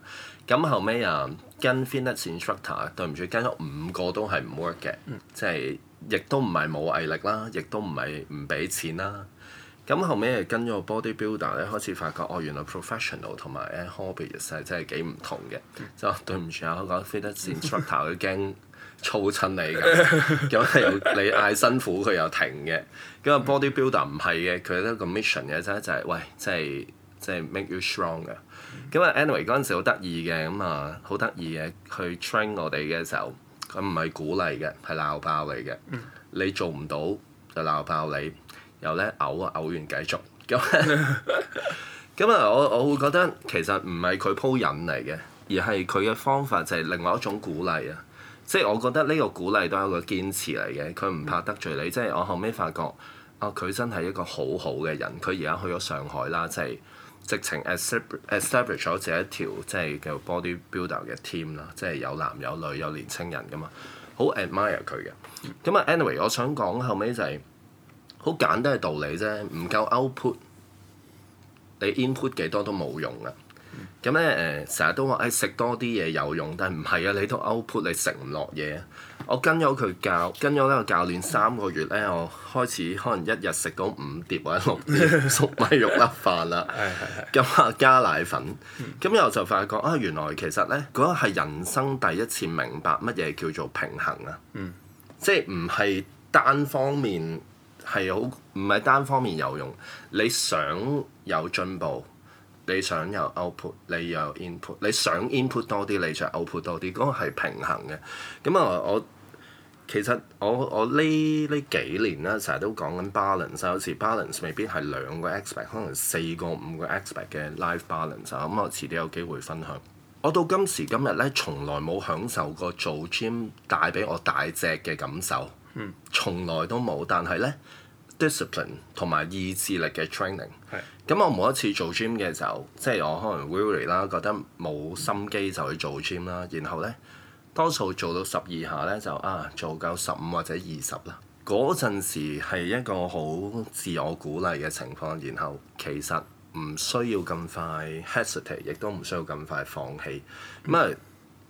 咁後尾啊，跟 fitness instructor，對唔住，跟咗五個都係唔 work 嘅，即係亦都唔係冇毅力啦，亦都唔係唔俾錢啦。咁後尾跟咗 bodybuilder 咧，開始發覺哦，原來 professional 同埋 hobbyist 係真係幾唔同嘅。就對唔住啊，嗰 fitness instructor 佢驚操親你㗎，咁又你嗌辛苦佢又停嘅。咁啊 bodybuilder 唔係嘅，佢咧個 mission 嘅啫。就係、是、喂，即係即係 make you strong 嘅。咁啊 anyway 嗰陣時好得意嘅，咁啊好得意嘅，佢、uh, train 我哋嘅時候，佢唔係鼓勵嘅，係鬧爆你嘅。Mm hmm. 你做唔到就鬧爆你。又咧，嘔啊嘔完繼續咁，咁啊我我會覺得其實唔係佢鋪引嚟嘅，而係佢嘅方法就係另外一種鼓勵啊！即係我覺得呢個鼓勵都係一個堅持嚟嘅，佢唔怕得罪你。即係我後尾發覺啊，佢、哦、真係一個好好嘅人。佢而家去咗上海啦，即係直情 establish establish 咗自己一條即係叫 body builder 嘅 team 啦，即係有男有女有年青人噶嘛，好 admire 佢嘅。咁啊，anyway，我想講後尾就係、係。好簡單嘅道理啫，唔夠 output，你 input 幾多都冇用噶。咁咧誒，成日、呃、都話誒食多啲嘢有用，但係唔係啊？你都 output 你食唔落嘢。我跟咗佢教，跟咗呢個教練三個月咧，我開始可能一日食到五碟或者六碟粟米肉粒飯啦。咁啊 *laughs* *laughs* 加奶粉，咁又、嗯、就發覺啊，原來其實咧嗰個係人生第一次明白乜嘢叫做平衡啊。嗯、即係唔係單方面。係好唔係單方面有用，你想有進步，你想有 output，你有 input，你想 input 多啲，你就 output 多啲，嗰、那個係平衡嘅。咁、嗯、啊，我其實我我呢呢幾年咧，成日都講緊 balance，有時 balance 未必係兩個 aspect，可能四個五個 aspect 嘅 life balance、嗯。咁我遲啲有機會分享。我到今時今日咧，從來冇享受過做 gym 帶俾我大隻嘅感受。嗯，從來都冇，但係咧 discipline 同埋意志力嘅 training 的。係、嗯，咁我每一次做 gym 嘅時候，即係我可能 weary 啦，覺得冇心機就去做 gym 啦。然後咧，多數做到十二下咧，就啊做夠十五或者二十啦。嗰陣時係一個好自我鼓勵嘅情況，然後其實唔需要咁快 hesitate，亦都唔需要咁快放棄。咁啊、嗯、～、嗯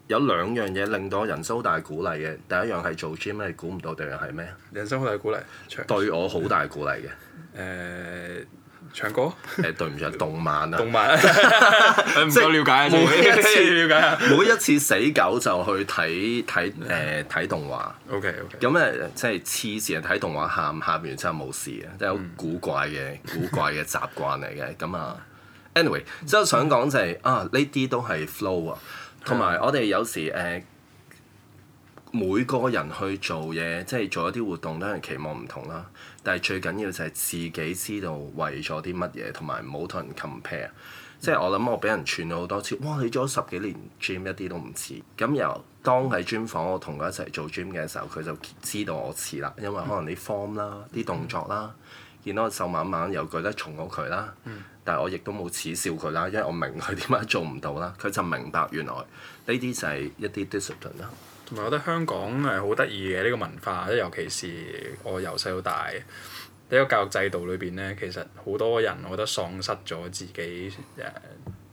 有兩樣嘢令到人生好大鼓勵嘅，第一樣係做 gym 咧，估唔到第二樣係咩？人生好大鼓勵。對我好大鼓勵嘅。誒，唱歌？誒，對唔住，動漫啊。動漫。唔夠了解啊！每一次了解啊！每一次死狗就去睇睇誒睇動畫。OK OK。咁誒即係黐線啊！睇動畫喊喊完之後冇事啊！即係好古怪嘅古怪嘅習慣嚟嘅。咁啊，anyway，即係我想講就係啊，呢啲都係 flow 啊。同埋我哋有時誒、呃，每個人去做嘢，即係做一啲活動，都係期望唔同啦。但係最緊要就係自己知道為咗啲乜嘢，同埋唔好同人 compare。嗯、即係我諗我俾人串咗好多次，哇！你做咗十幾年 gym 一啲都唔似。咁由當喺 Gym 房我同佢一齊做 gym 嘅時候，佢就知道我似啦，因為可能啲 form 啦、啲動作啦。見到我瘦蜢蜢又覺得重過佢啦，嗯、但係我亦都冇恥笑佢啦，因為我明佢點解做唔到啦，佢就明白原來呢啲就係一啲 discipline 啦。同埋我覺得香港係好得意嘅呢個文化，尤其是我由細到大呢、呢個教育制度裏邊咧，其實好多人我覺得喪失咗自己誒。Yeah.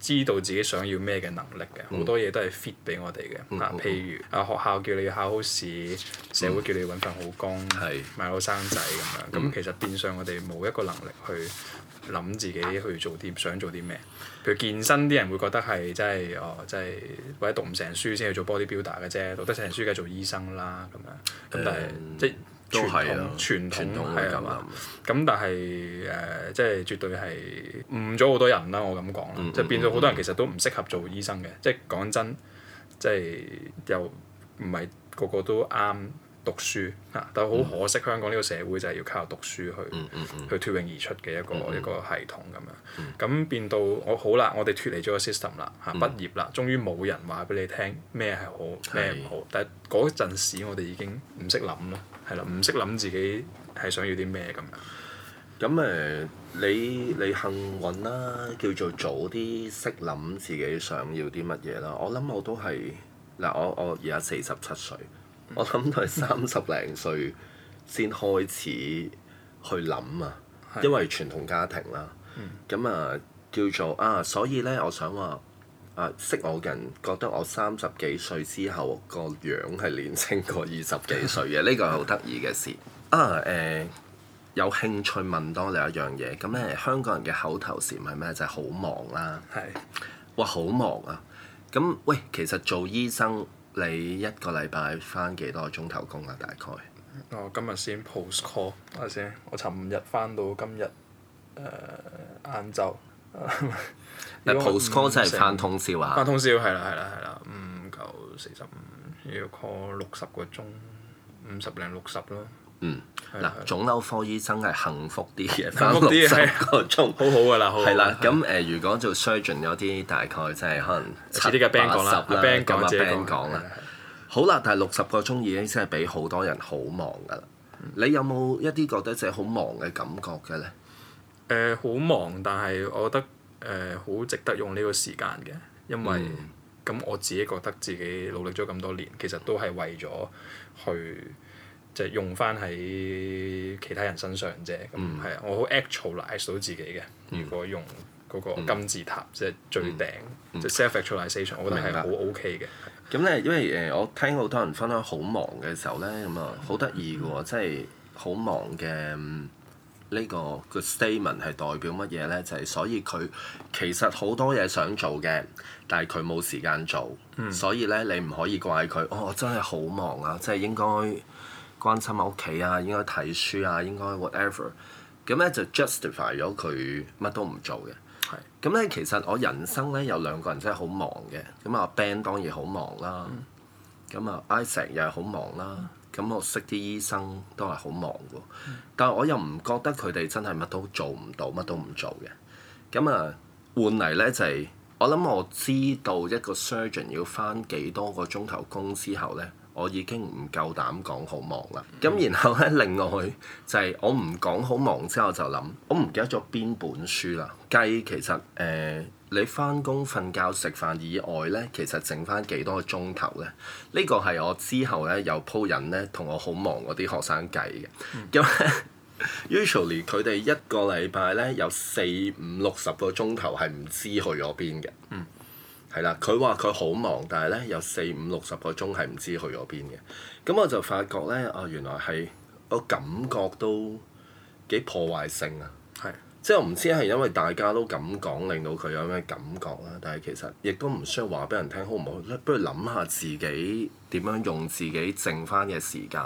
知道自己想要咩嘅能力嘅，好、嗯、多嘢都係 fit 俾我哋嘅。嗯、譬如好好啊，學校叫你考好試，嗯、社會叫你揾份好工，是買樓生仔咁樣。咁、嗯、其實變相我哋冇一個能力去諗自己去做啲想做啲咩。譬如健身啲人會覺得係真係哦，真係或者讀唔成書先去做 bodybuilder 嘅啫，讀得成書梗係做醫生啦咁樣。咁但係即係。嗯嗯傳統傳、啊、統係啊嘛，咁、啊、但係誒、呃，即係絕對係誤咗好多人啦。我咁講啦，嗯、即係變咗好多人其實都唔適合做醫生嘅、嗯嗯嗯。即係講真，即係又唔係個個都啱。讀書，但係好可惜，香港呢個社會就係要靠讀書去、嗯嗯嗯、去脱穎而出嘅一個、嗯嗯、一個系統咁樣。咁、嗯、變到我好啦，我哋脱離咗個 system 啦，嚇、嗯、畢業啦，終於冇人話俾你聽咩係好，咩唔好。但係嗰陣時我哋已經唔識諗咯，係啦，唔識諗自己係想要啲咩咁。咁誒、呃，你你幸運啦，叫做早啲識諗自己想要啲乜嘢啦。我諗我都係嗱，我我而家四十七歲。我諗都係三十零歲先開始去諗啊，的因為傳統家庭啦、啊，咁、嗯、啊叫做啊，所以咧我想話啊，識我人覺得我三十幾歲之後個樣係年輕過二十幾歲嘅，呢的個係好得意嘅事 *laughs* 啊誒、呃，有興趣問多你一樣嘢，咁、嗯、咧香港人嘅口頭禪係咩？就係好忙啦，哇好忙啊，咁的、啊、喂其實做醫生？你一個禮拜翻幾多個鐘頭工啊？大概？我、哦、今日先 post call，等下先。我尋日翻到今日晏晝。誒、呃、 *laughs* 我 post call 即係翻通宵 45, 啊！翻通宵係啦係啦係啦，五九四十五要 call 六十個鐘，五十零六十咯。嗯，嗱，腫瘤科醫生係幸福啲嘅，幸福啲啊，六十個鐘，好好噶啦，係啦。咁誒，如果做 surgeon 嗰啲，大概即係可能差啲嘅七啦。十啦，講啊講啊講啦。好啦，但係六十個鐘已經真係俾好多人好忙噶啦。你有冇一啲覺得即係好忙嘅感覺嘅咧？誒，好忙，但係我覺得誒好值得用呢個時間嘅，因為咁我自己覺得自己努力咗咁多年，其實都係為咗去。就用翻喺其他人身上啫，咁係啊，我好 actualize 到自己嘅。嗯、如果用嗰個金字塔，即係、嗯、最頂，即、嗯、self actualization，嗯、我覺得係好 OK 嘅。咁咧，是因為誒，我聽好多人分享好忙嘅時候咧，咁啊，好得意嘅喎，即係好忙嘅呢、呢個、嗰個 statement 係代表乜嘢咧？就係、是、所以佢其實好多嘢想做嘅，但係佢冇時間做，嗯、所以咧你唔可以怪佢。哦，我真係好忙啊！即係應該。關心喺屋企啊，應該睇書啊，應該 whatever，咁咧就 justify 咗佢乜都唔做嘅。係是，咁咧其實我人生咧有兩個人真係好忙嘅，咁啊 Ben 當然好忙啦，咁啊 Isaac 又係好忙啦，咁、嗯、我識啲醫生都係好忙嘅，嗯、但係我又唔覺得佢哋真係乜都做唔到，乜都唔做嘅。咁啊換嚟咧就係、是，我諗我知道一個 surgeon 要返幾多個鐘頭工之後咧。我已經唔夠膽講好忙啦，咁、嗯、然後咧另外就係我唔講好忙之後就諗，我唔記得咗邊本書啦。計其實誒、呃，你翻工、瞓覺、食飯以外咧，其實剩翻幾多個鐘頭咧？呢、呢個係我之後咧有鋪人咧同我好忙嗰啲學生計嘅，咁咧、嗯、 *laughs* usually 佢哋一個禮拜咧有四五六十個鐘頭係唔知去咗邊嘅。嗯係啦，佢話佢好忙，但係咧有四五六十個鐘係唔知去咗邊嘅。咁我就發覺咧，哦，原來係個感覺都幾破壞性啊。係的，即係我唔知係因為大家都咁講，令到佢有咩感覺啦。但係其實亦都唔需要話俾人聽好唔好咧，不如諗下自己點樣用自己剩翻嘅時間。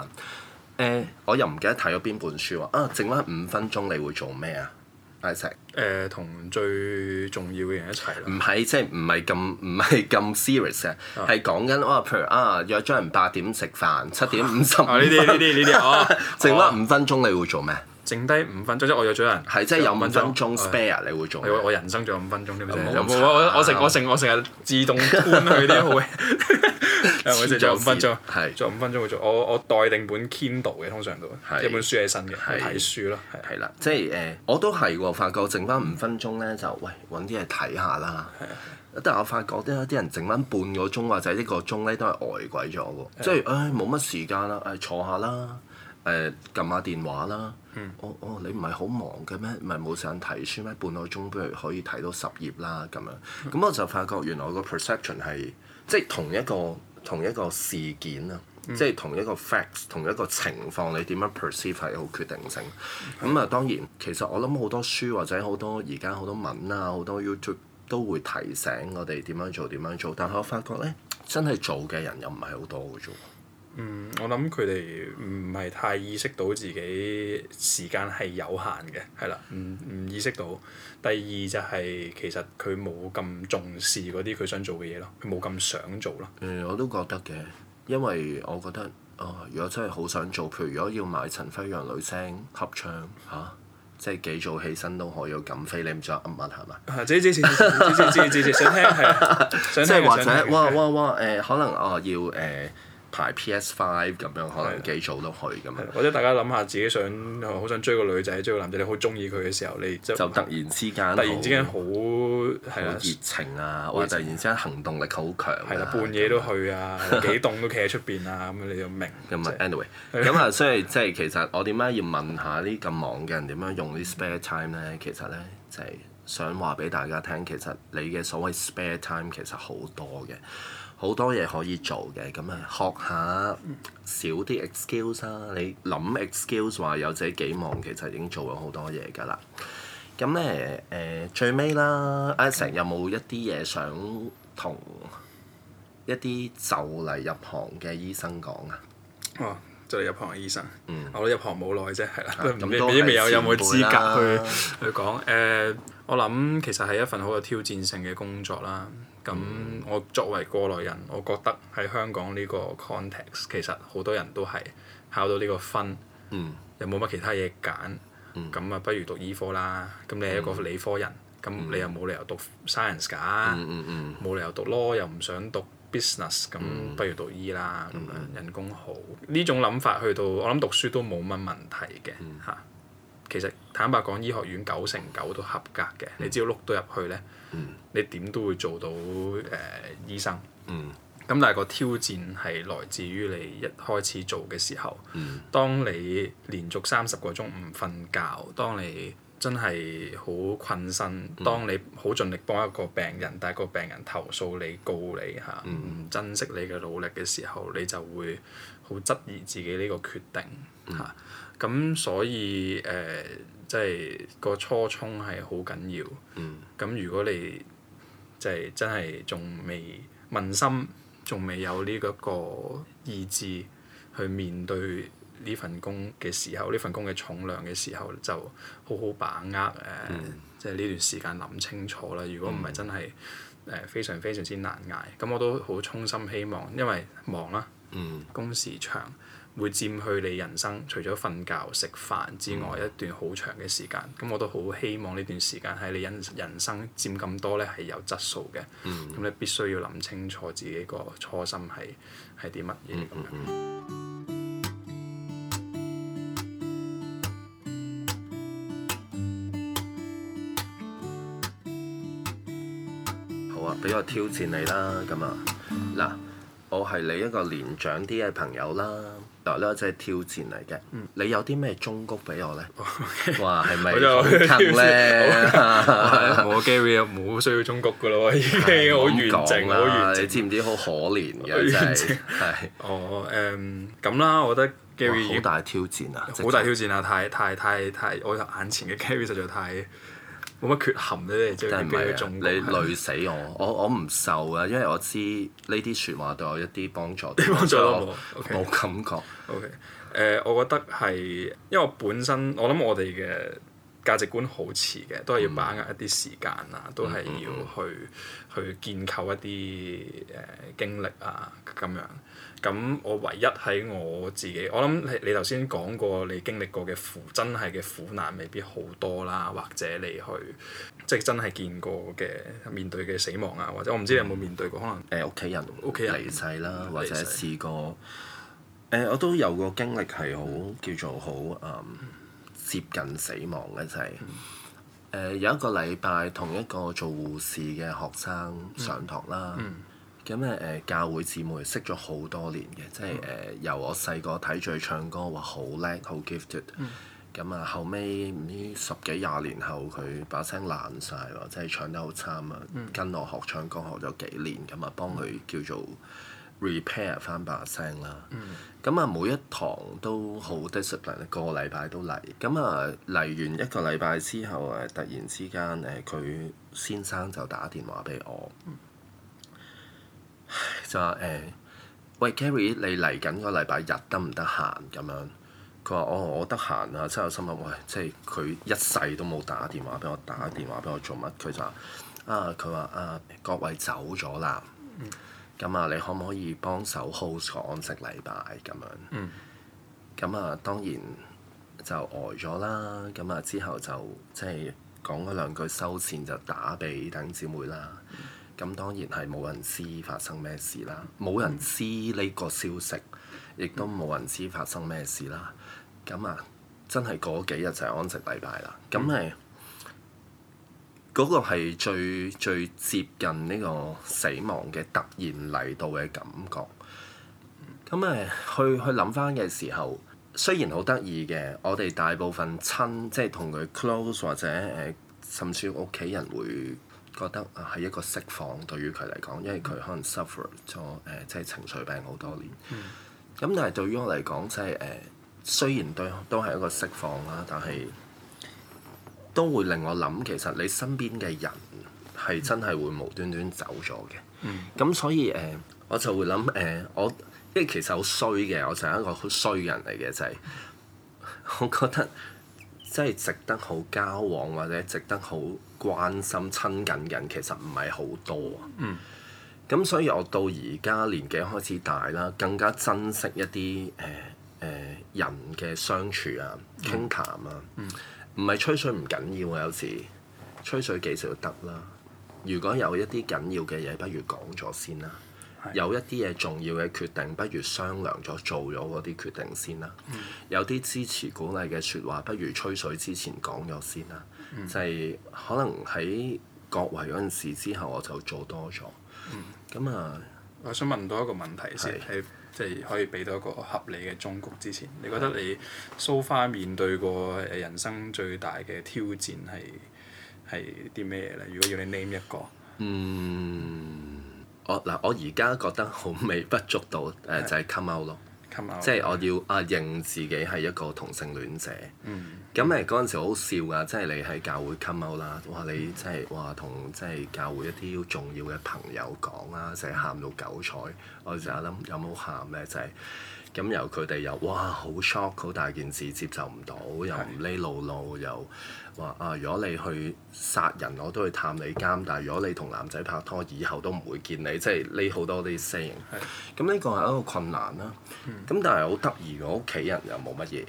誒，我又唔記得睇咗邊本書話啊，剩翻五分鐘你會做咩啊？嗌食誒同最重要嘅人一齊咯，唔係即係唔係咁唔係咁 serious 嘅，係講緊我譬如啊約咗人八點食飯，七點五十五。呢啲呢啲呢啲哦，剩翻五分鐘你會做咩？剩低五分鐘即係我約咗人。係即係有五分鐘 spare、啊、你會做。我我人生仲有五分鐘添。冇冇、啊啊、我我我成我成日自動搬去啲會。 *laughs* 我哋仲有五分鐘，係仲有五分鐘喎。是我我代定本 Kindle 嘅，通常都係一本書喺身嘅睇書咯。係啦是，即係誒、呃，我都係喎。發覺剩翻五分鐘咧，就喂揾啲嘢睇下啦。是但係我發覺有啲人剩翻半個鐘或者一個鐘咧，都係呆鬼咗喎。是即係唉，冇、哎、乜時間啦，誒、哎，坐下啦，誒、呃，撳下電話啦。我我、嗯哦、你唔係好忙嘅咩？唔係冇想睇書咩？半個鐘不如可以睇到十頁啦咁樣。咁、嗯、我就發覺原來我個 perception 係即係同一個。同一個事件啊，嗯、即係同一個 facts，同一個情況，你點樣 perceive 係好決定性。咁啊、嗯嗯，當然其實我諗好多書或者好多而家好多文啊，好多 YouTube 都會提醒我哋點樣做點樣做，但係我發覺咧，真係做嘅人又唔係好多嘅啫。嗯，我諗佢哋唔係太意識到自己時間係有限嘅，係啦，唔唔意識到。第二就係其實佢冇咁重視嗰啲佢想做嘅嘢咯，佢冇咁想做咯。誒、嗯，我都覺得嘅，因為我覺得，哦，如果真係好想做，譬如如果要買陳輝陽女聲合唱嚇，即係幾早起身都可以撳飛你知我，唔想噏乜係咪？係，接接接接接接接接，想聽係。即係或者，哇哇哇！誒、呃，可能哦要誒。呃呃呃呃排 PS5 咁樣可能幾早都去咁啊！或者大家諗下自己想好想追個女仔、追個男仔，你好中意佢嘅時候，你就,就突然之間突然之間好的熱情啊，或者、啊、突然之間行動力好強、啊，係啦，半夜都去啊，幾凍的都企喺出邊啊，咁 *laughs* 你又明？咁啊 *laughs* ，anyway，咁啊，所以即係 *laughs* 其實我點解要問下啲咁忙嘅人點樣用啲 spare time 咧？其實咧就係、是、想話俾大家聽，其實你嘅所謂 spare time 其實好多嘅。好多嘢可以做嘅，咁啊學下少啲 excuse 啦。你諗 excuse 話有自己幾忙，其實已經做咗好多嘢㗎、呃、啦。咁咧誒最尾啦，阿成有冇一啲嘢想同一啲就嚟入行嘅醫生講啊？哦，就嚟入行嘅醫生，嗯、我都入行冇耐啫，係啦，唔、啊，啊、你未有有冇資格去、啊、去講？誒、呃，我諗其實係一份好有挑戰性嘅工作啦。咁、嗯、我作為過來人，我覺得喺香港呢個 context 其實好多人都係考到呢個分，嗯、又冇乜其他嘢揀，咁啊、嗯、不如讀醫科啦。咁你係一個理科人，咁、嗯、你又冇理由讀 science 㗎，冇、嗯嗯嗯、理由讀 law 又唔想讀 business，咁不如讀醫啦。咁樣、嗯、人工好呢、嗯、種諗法去到我諗讀書都冇乜問題嘅嚇。嗯嗯其實坦白講，醫學院九成九都合格嘅，你、嗯、只要碌到入去咧，嗯、你點都會做到誒、呃、醫生。咁、嗯、但係個挑戰係來自於你一開始做嘅時候，嗯、當你連續三十個鐘唔瞓覺，當你真係好困身，嗯、當你好盡力幫一個病人，但係個病人投訴你、告你嚇，唔、嗯、珍惜你嘅努力嘅時候，你就會好質疑自己呢個決定嚇。嗯嗯咁所以誒，即係個初衷係好緊要。咁、嗯、如果你即係真係仲未問心，仲未有呢一個意志去面對呢份工嘅時候，呢份工嘅重量嘅時候，就好好把握誒，即係呢段時間諗清楚啦。如果唔係真係誒非常非常之難捱。咁、嗯、我都好衷心希望，因為忙啦，嗯、工時長。會佔去你人生除咗瞓覺食飯之外一段好長嘅時間，咁、嗯、我都好希望呢段時間喺你人人生佔咁多咧，係有質素嘅。咁、嗯、你必須要諗清楚自己個初心係係啲乜嘢咁樣。嗯嗯，好啊，俾個挑戰你啦，咁啊，嗱、嗯，我係你一個年長啲嘅朋友啦。咧就係挑戰嚟嘅，嗯、你有啲咩忠告俾我咧？ *laughs* 哇，係咪好坑咧？我 *laughs* Gary 冇需要忠告噶咯喎，已經好完整啦。好完整，你知唔知好可憐嘅真係？係哦誒咁啦，我覺得 Gary 好大，是大挑戰啊！好大挑戰啊！太太太太，太，我眼前嘅 Gary 實在太～冇乜缺陷咧，即係幾種。你，你累死我， *laughs* 我我唔受啊，因為我知呢啲説話對我一啲幫助。幫助都冇，冇、okay. 感覺。O、okay. 呃、我覺得係，因為我本身我諗我哋嘅價值觀好似嘅，都係要把握一啲時間啊，嗯、都係要去去建構一啲誒、呃、經歷啊咁樣。咁我唯一喺我自己，我諗你你頭先講過你經歷過嘅苦，真係嘅苦難未必好多啦，或者你去即係、就是、真係見過嘅面對嘅死亡啊，或者我唔知你有冇面對過，可能誒屋企人屋企人離世啦，或者試過誒、呃、我都有個經歷係好叫做好、嗯、接近死亡嘅就係、是、誒、嗯呃、有一個禮拜同一個做護士嘅學生上堂啦。嗯嗯咁咧誒，教會姊妹識咗好多年嘅，即係誒、呃、由我細個睇住佢唱歌，話好叻，好 gifted。咁啊、嗯嗯，後尾唔知十幾廿年後，佢把聲爛晒喎，即係唱得好差嘛。嗯、跟我學唱歌學咗幾年，咁啊幫佢叫做 repair 翻把聲啦。咁啊、嗯，每一堂都好 discipline，個個禮拜都嚟。咁啊嚟完一個禮拜之後誒，突然之間誒佢、呃、先生就打電話俾我。嗯就話誒、欸，喂 Gary，r 你嚟緊個禮拜日得唔得閒？咁樣佢話：哦，我得閒啊！即係心諗，喂，即係佢一世都冇打電話俾我，打電話俾我做乜？佢就啊，佢話啊，各位走咗啦。咁啊、嗯，你可唔可以幫手 host 個安息禮拜咁樣？咁啊、嗯，當然就呆咗啦。咁啊，之後就即係講咗兩句收錢就打俾等姐妹啦。嗯。咁當然係冇人知發生咩事啦，冇人知呢個消息，亦都冇人知發生咩事啦。咁啊，真係過幾日就係安息禮拜啦。咁誒、啊，嗰、那個係最最接近呢個死亡嘅突然嚟到嘅感覺。咁誒、啊，去去諗翻嘅時候，雖然好得意嘅，我哋大部分親即係同佢 close 或者誒，甚至乎屋企人會。覺得啊係一個釋放，對於佢嚟講，因為佢可能 suffer 咗誒、呃、即係情緒病好多年。咁、嗯、但係對於我嚟講，即係誒、呃、雖然對都都係一個釋放啦，但係都會令我諗，其實你身邊嘅人係真係會無端端走咗嘅。咁、嗯、所以誒、呃、我就會諗誒、呃、我即係其實好衰嘅，我就係一個好衰嘅人嚟嘅，就係、是、我覺得。即係值得好交往或者值得好關心親近嘅人，其實唔係好多啊。咁、嗯、所以，我到而家年紀開始大啦，更加珍惜一啲誒誒人嘅相處啊、傾談、談啊。唔係、嗯、吹水唔緊要啊，有時吹水幾時都得啦、啊。如果有一啲緊要嘅嘢，不如講咗先啦。有一啲嘢重要嘅決定，不如商量咗做咗嗰啲決定先啦。嗯、有啲支持鼓勵嘅説話，不如吹水之前講咗先啦。嗯、就係可能喺各位嗰陣時之後，我就做多咗。咁、嗯、啊，我想問多一個問題先，即係是、就是、可以俾到一個合理嘅終局之前，你覺得你 so far 面對過人生最大嘅挑戰係係啲咩咧？如果要你 name 一個，嗯。我嗱，我而家覺得好微不足道，誒是、呃、就係 come out 咯，Come out，即係我要啊認自己係一個同性戀者。咁咪嗰陣時好笑㗎，即係你喺教會 come out 啦，哇！你即係哇同即係教會一啲重要嘅朋友講啦，就係喊到九彩，我成日諗有冇喊咧就係、是。咁由佢哋又哇好 shock，好大件事，接受唔到，又唔呢路路又。話啊！如果你去殺人，我都去探你監。但係如果你同男仔拍拖，以後都唔會見你，即係呢好多呢啲嘢。係、嗯。咁呢個係一個困難啦。咁、嗯嗯、但係好得意，我屋企人又冇乜嘢。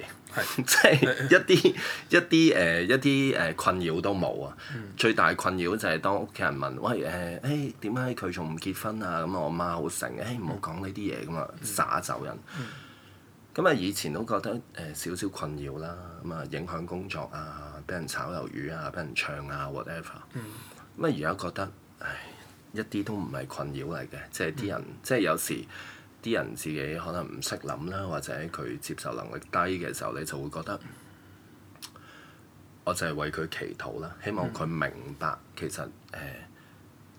即係一啲一啲誒、呃、一啲誒困擾都冇啊。嗯、最大困擾就係當屋企人問：喂誒，誒點解佢仲唔結婚啊？咁我媽好醒，誒、欸，唔好講呢啲嘢咁啊，撒走人。咁啊、嗯嗯嗯嗯嗯，以前都覺得誒、呃、少，少少困擾啦。咁啊，影響工作啊。俾人炒魷魚啊！俾人唱啊，whatever、嗯。咁啊，而家覺得，唉，一啲都唔係困擾嚟嘅，即係啲人，嗯、即係有時啲人自己可能唔識諗啦，或者佢接受能力低嘅時候，你就會覺得，我就係為佢祈禱啦，希望佢明白、嗯、其實誒，即、呃、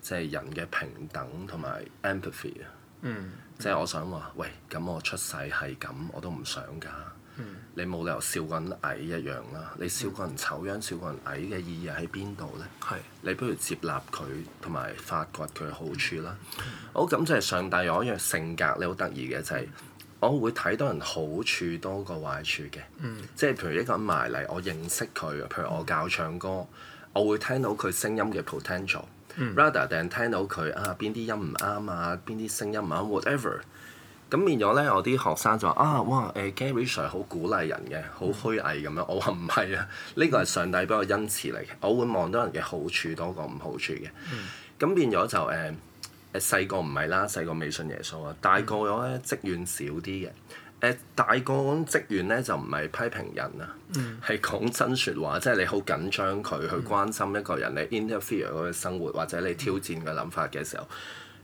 係、就是、人嘅平等同埋 empathy 啊。嗯嗯、即係我想話，喂，咁我出世係咁，我都唔想㗎。Mm. 你冇理由笑緊矮一樣啦，你笑個人醜樣、笑個人矮嘅意義喺邊度咧？係是你不如接納佢同埋發掘佢好處啦。好，咁就係上帝有一樣性格你好得意嘅就係、是、我會睇到人好處多過壞處嘅。Mm. 即係譬如一個埋嚟，我認識佢，譬如我教唱歌，我會聽到佢聲音嘅 potential，rather、mm. than 聽到佢啊邊啲音唔啱啊，邊啲、啊、聲音唔啱，whatever。咁變咗咧，我啲學生就話：啊，哇，誒 Gary Sir 好鼓勵人嘅，好虛偽咁樣。嗯、我話唔係啊，呢個係上帝俾我恩慈嚟嘅。我會望到人嘅好處多過唔好處嘅。咁、嗯、變咗就誒誒、uh, uh, 細個唔係啦，細個未信耶穌啊，大個咗咧職員少啲嘅。誒、uh, 大個咁職員咧就唔係批評人啊，係、嗯、講真説話，即係、嗯、你好緊張佢去關心一個人、嗯、你 interfere 嗰個生活或者你挑戰嘅諗法嘅時候。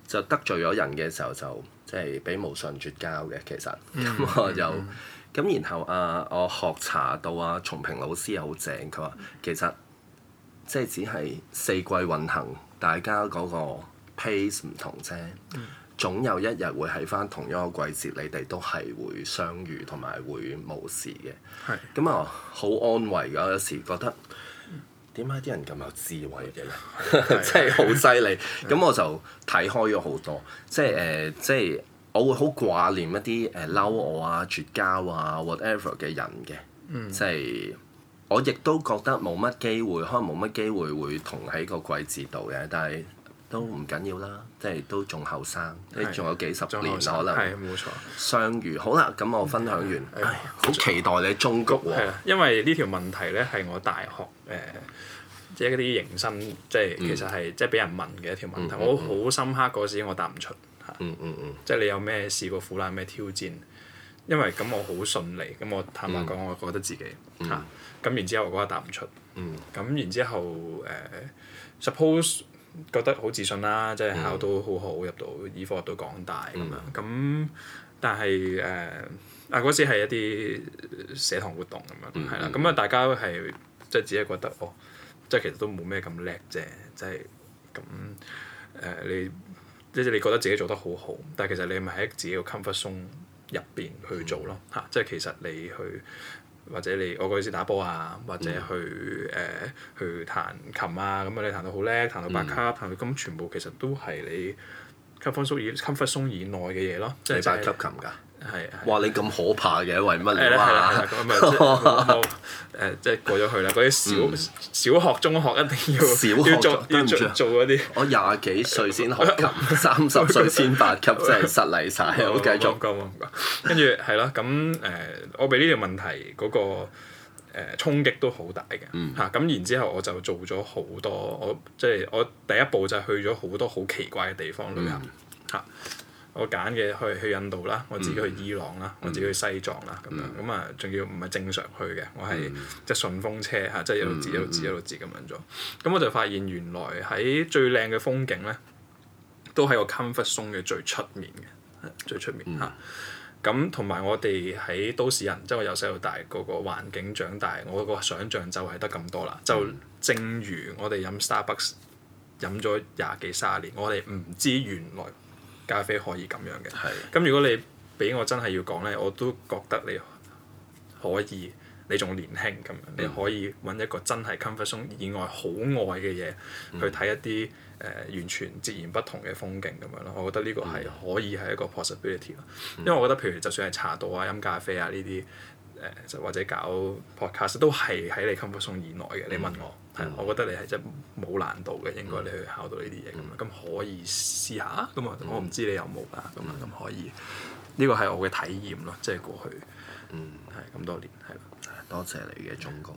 就得罪咗人嘅時候，就即係俾無上絕交嘅。其實咁啊又咁，然後啊我學茶到啊松平老師又好正，佢話其實即係只係四季運行，大家嗰個 pace 唔同啫，嗯、總有一日會喺返同一個季節，你哋都係會相遇同埋會無事嘅。咁啊好安慰㗎，有時覺得。點解啲人咁有智慧嘅咧？ *laughs* 真係好犀利。咁我就睇開咗好多。即係誒、呃，即係我會好掛念一啲誒嬲我啊、絕交啊、whatever 嘅人嘅。嗯。即係我亦都覺得冇乜機會，可能冇乜機會會同喺個季節度嘅，但係。都唔緊要啦，即係都仲後生，即仲有幾十年可能相遇。好啦，咁我分享完，好期待你中局喎。因為呢條問題咧係我大學誒，即係嗰啲迎新，即係其實係即係俾人問嘅一條問題。我好深刻嗰時，我答唔出，即係你有咩試過苦難，咩挑戰？因為咁我好順利，咁我坦白講，我覺得自己嚇咁。然之後我嗰下答唔出，咁然之後誒，suppose。覺得好自信啦，即係考到好好入到醫科入到港大咁樣咁，但係誒啊嗰時係一啲社堂活動咁樣係啦，咁啊、嗯、大家係即係只係覺得哦，即係其實都冇咩咁叻啫，即係咁誒你即係你覺得自己做得好好，但係其實你咪喺自己個 comfort zone 入邊去做咯嚇，嗯、即係其實你去。或者你我嗰意思打波啊，或者去誒、嗯呃、去彈琴啊，咁你彈到好叻，彈到八級，嗯、彈到咁全部其實都係你 comfort zone 以內嘅嘢咯，即係八級琴噶。係啊！哇，你咁可怕嘅，為乜嘢啊？誒，即係過咗去啦。嗰啲小小學、中學一定要要做要做嗰啲。我廿幾歲先學三十歲先八級，真係失禮晒。我繼續。跟住係咯，咁誒，我俾呢條問題嗰個誒衝擊都好大嘅。嗯。咁然之後我就做咗好多，我即係我第一步就去咗好多好奇怪嘅地方旅遊嚇。我揀嘅去去印度啦，我自己去伊朗啦，嗯、我自己去西藏啦，咁、嗯、樣咁啊，仲要唔係正常去嘅，我係即係順風車嚇，即、就、係、是、一路截、嗯、一路截一路截咁樣做。咁我就發現原來喺最靚嘅風景咧，都喺個 comfort zone 嘅最出面嘅，最出面嚇。咁同埋我哋喺都市人，即、就、係、是、我由細到大個個環境長大，我個想像就係得咁多啦。就正如我哋飲 Starbucks 飲咗廿幾卅年，我哋唔知原來。咖啡可以咁樣嘅，咁的如果你俾我真係要講咧，我都覺得你可以，你仲年輕咁，嗯、你可以搵一個真係 comfort zone 以外好愛嘅嘢去睇一啲誒、嗯呃、完全截然不同嘅風景咁樣咯。我覺得呢個係可以係一個 possibility 咯、嗯，因為我覺得譬如就算係茶道啊、飲咖啡啊呢啲誒，就、呃、或者搞 podcast 都係喺你 comfort zone 以內嘅。嗯、你問我。嗯、我覺得你係真冇難度嘅，應該你去考到呢啲嘢咁咁可以試下咁啊，嗯、我唔知你有冇㗎，咁咁、嗯、可以，呢個係我嘅體驗咯，即係過去。嗯，係咁多年，係啦，多謝你嘅忠告。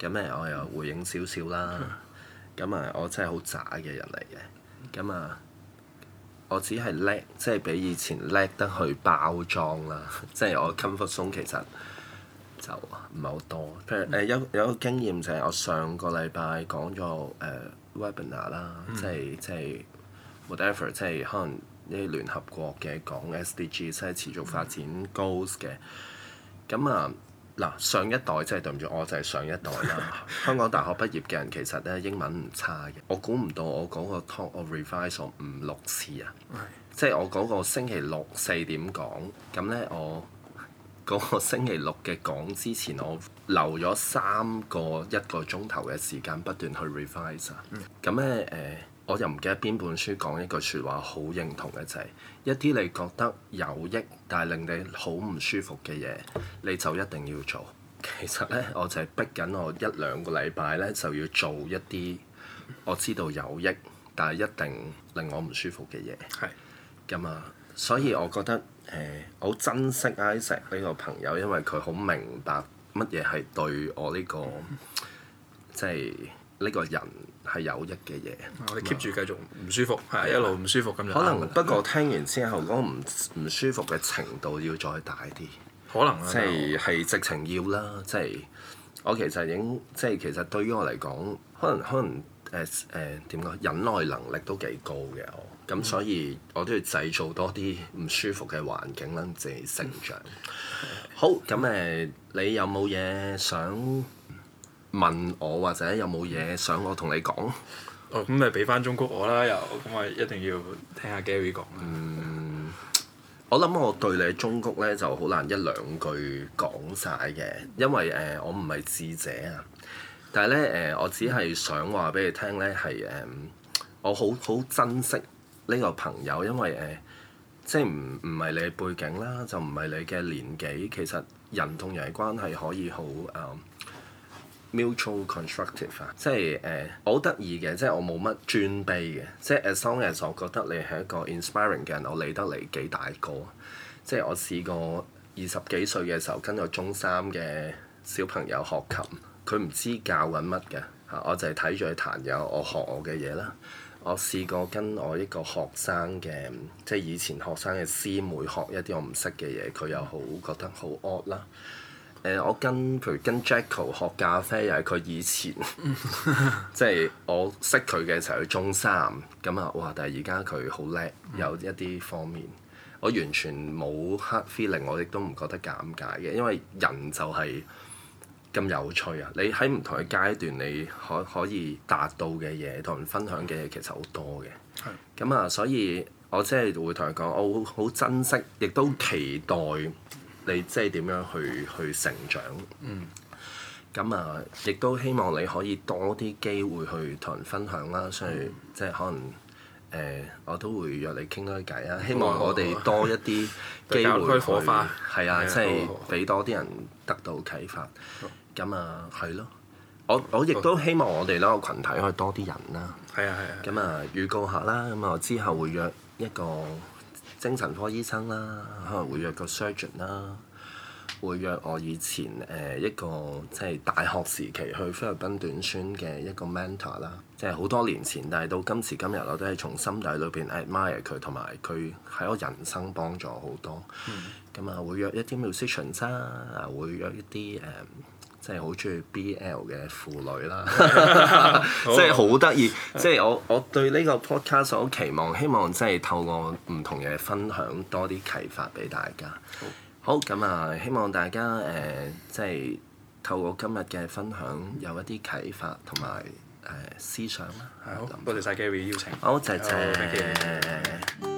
咁咧，我又回應少少啦。咁啊、嗯，我真係好渣嘅人嚟嘅。咁啊，我只係叻，即係比以前叻得去包裝啦。即係我 comfort zone 其實。就唔係好多，譬如誒、嗯呃、有有一個經驗就係、是、我上個禮拜講咗誒、呃、webinar 啦，即係即係 whatever，即、就、係、是、可能啲聯合國嘅講 SDG，即係持續發展 goals 嘅、嗯。咁、嗯、啊，嗱上一代即係、就是、對唔住，我就係上一代啦。 *laughs* 香港大學畢業嘅人其實咧英文唔差嘅，我估唔到我嗰個 talk of refine 咗五六次啊！即係、嗯嗯、我嗰個星期六四點講，咁咧我。嗰個星期六嘅講之前，我留咗三個一個鐘頭嘅時間不斷去 revise。咁咧誒，我又唔記得邊本書講一句説話好認同嘅就係，一啲你覺得有益但係令你好唔舒服嘅嘢，你就一定要做。其實咧，我就係逼緊我一兩個禮拜咧就要做一啲我知道有益但係一定令我唔舒服嘅嘢，係㗎嘛。所以我覺得。誒、嗯，我好珍惜 Isaac 呢個朋友，因為佢好明白乜嘢係對我呢、這個，嗯、即係呢、這個人係有益嘅嘢。我哋 keep 住繼續唔舒服，係、嗯啊、一路唔舒服噉樣。是是可能不過聽完之後嗰個唔唔舒服嘅程度要再大啲。可能、啊、即係是係、嗯、直情要啦，即係我其實已經，即係其實對於我嚟講，可能可能誒誒點講，忍耐能力都幾高嘅我，咁所以，我都要製造多啲唔舒服嘅環境啦，自己成長。好，咁誒，你有冇嘢想問我，或者有冇嘢想我同你講？哦，咁咪俾返忠告我啦，又咁啊，一定要聽下 Gary 講。嗯，我諗我對你忠告咧，就好難一兩句講晒嘅，因為誒、呃，我唔係智者啊。但係咧，誒、呃，我只係想話俾你聽咧，係誒、呃，我好好珍惜呢個朋友，因為誒、呃，即係唔唔係你嘅背景啦，就唔係你嘅年紀，其實人同人嘅關係可以好、嗯、mutual constructive 啊，即係誒好得意嘅，即係我冇乜尊卑嘅，即係 as long as 我覺得你係一個 inspiring 嘅人，我理得你幾大個。即係我試過二十幾歲嘅時候跟咗中三嘅小朋友學琴，佢唔知教緊乜嘅，嚇、啊、我就係睇住佢彈嘢，我學我嘅嘢啦。啊。我試過跟我一個學生嘅，即係以前學生嘅師妹學一啲我唔識嘅嘢，佢又好覺得好 odd 啦。誒、呃，我跟譬如跟 Jacko 學咖啡又係佢以前， *laughs* 即係我識佢嘅時候佢中三，咁啊哇！但係而家佢好叻，有一啲方面，我完全冇黑 feeling，我亦都唔覺得尷尬嘅，因為人就係、是。咁有趣啊！你喺唔同嘅階段，你可可以達到嘅嘢同人分享嘅嘢，其實好多嘅。咁是的 啊，所以我即係會同你講，我好好珍惜，亦都期待你即係點樣去去成長。咁、嗯、啊，亦都希望你可以多啲機會去同人分享啦。所以即係可能誒、呃，我都會約你傾多啲偈啊。希望我哋多一啲機會去，係啊， *laughs* 即係俾多啲人得到啟發。咁啊，係咯，我我亦都希望我哋咧個群體可以多啲人啦。係啊係啊。咁啊預、啊啊、告下啦，咁啊我之後會約一個精神科醫生啦，可能、嗯、會約個 surgeon 啦，會約我以前誒、呃、一個即係大學時期去菲律賓短宣嘅一個 mentor 啦，即係好多年前，但係到今時今日我都係從心底裏邊 admire 佢，同埋佢喺我人生幫助好多。嗯。咁啊會約一啲 musicians 啦，會約一啲誒、啊。即係好中意 BL 嘅腐女啦， *laughs* 好 *laughs* 即係好得意。即係我，我對呢個 podcast 好期望，希望即係透過唔同嘅分享多啲啟發俾大家。好，咁啊，希望大家誒、呃，即係透過今日嘅分享有一啲啟發同埋誒思想啦、啊。好，想多謝晒 Gary 邀請。好，謝謝。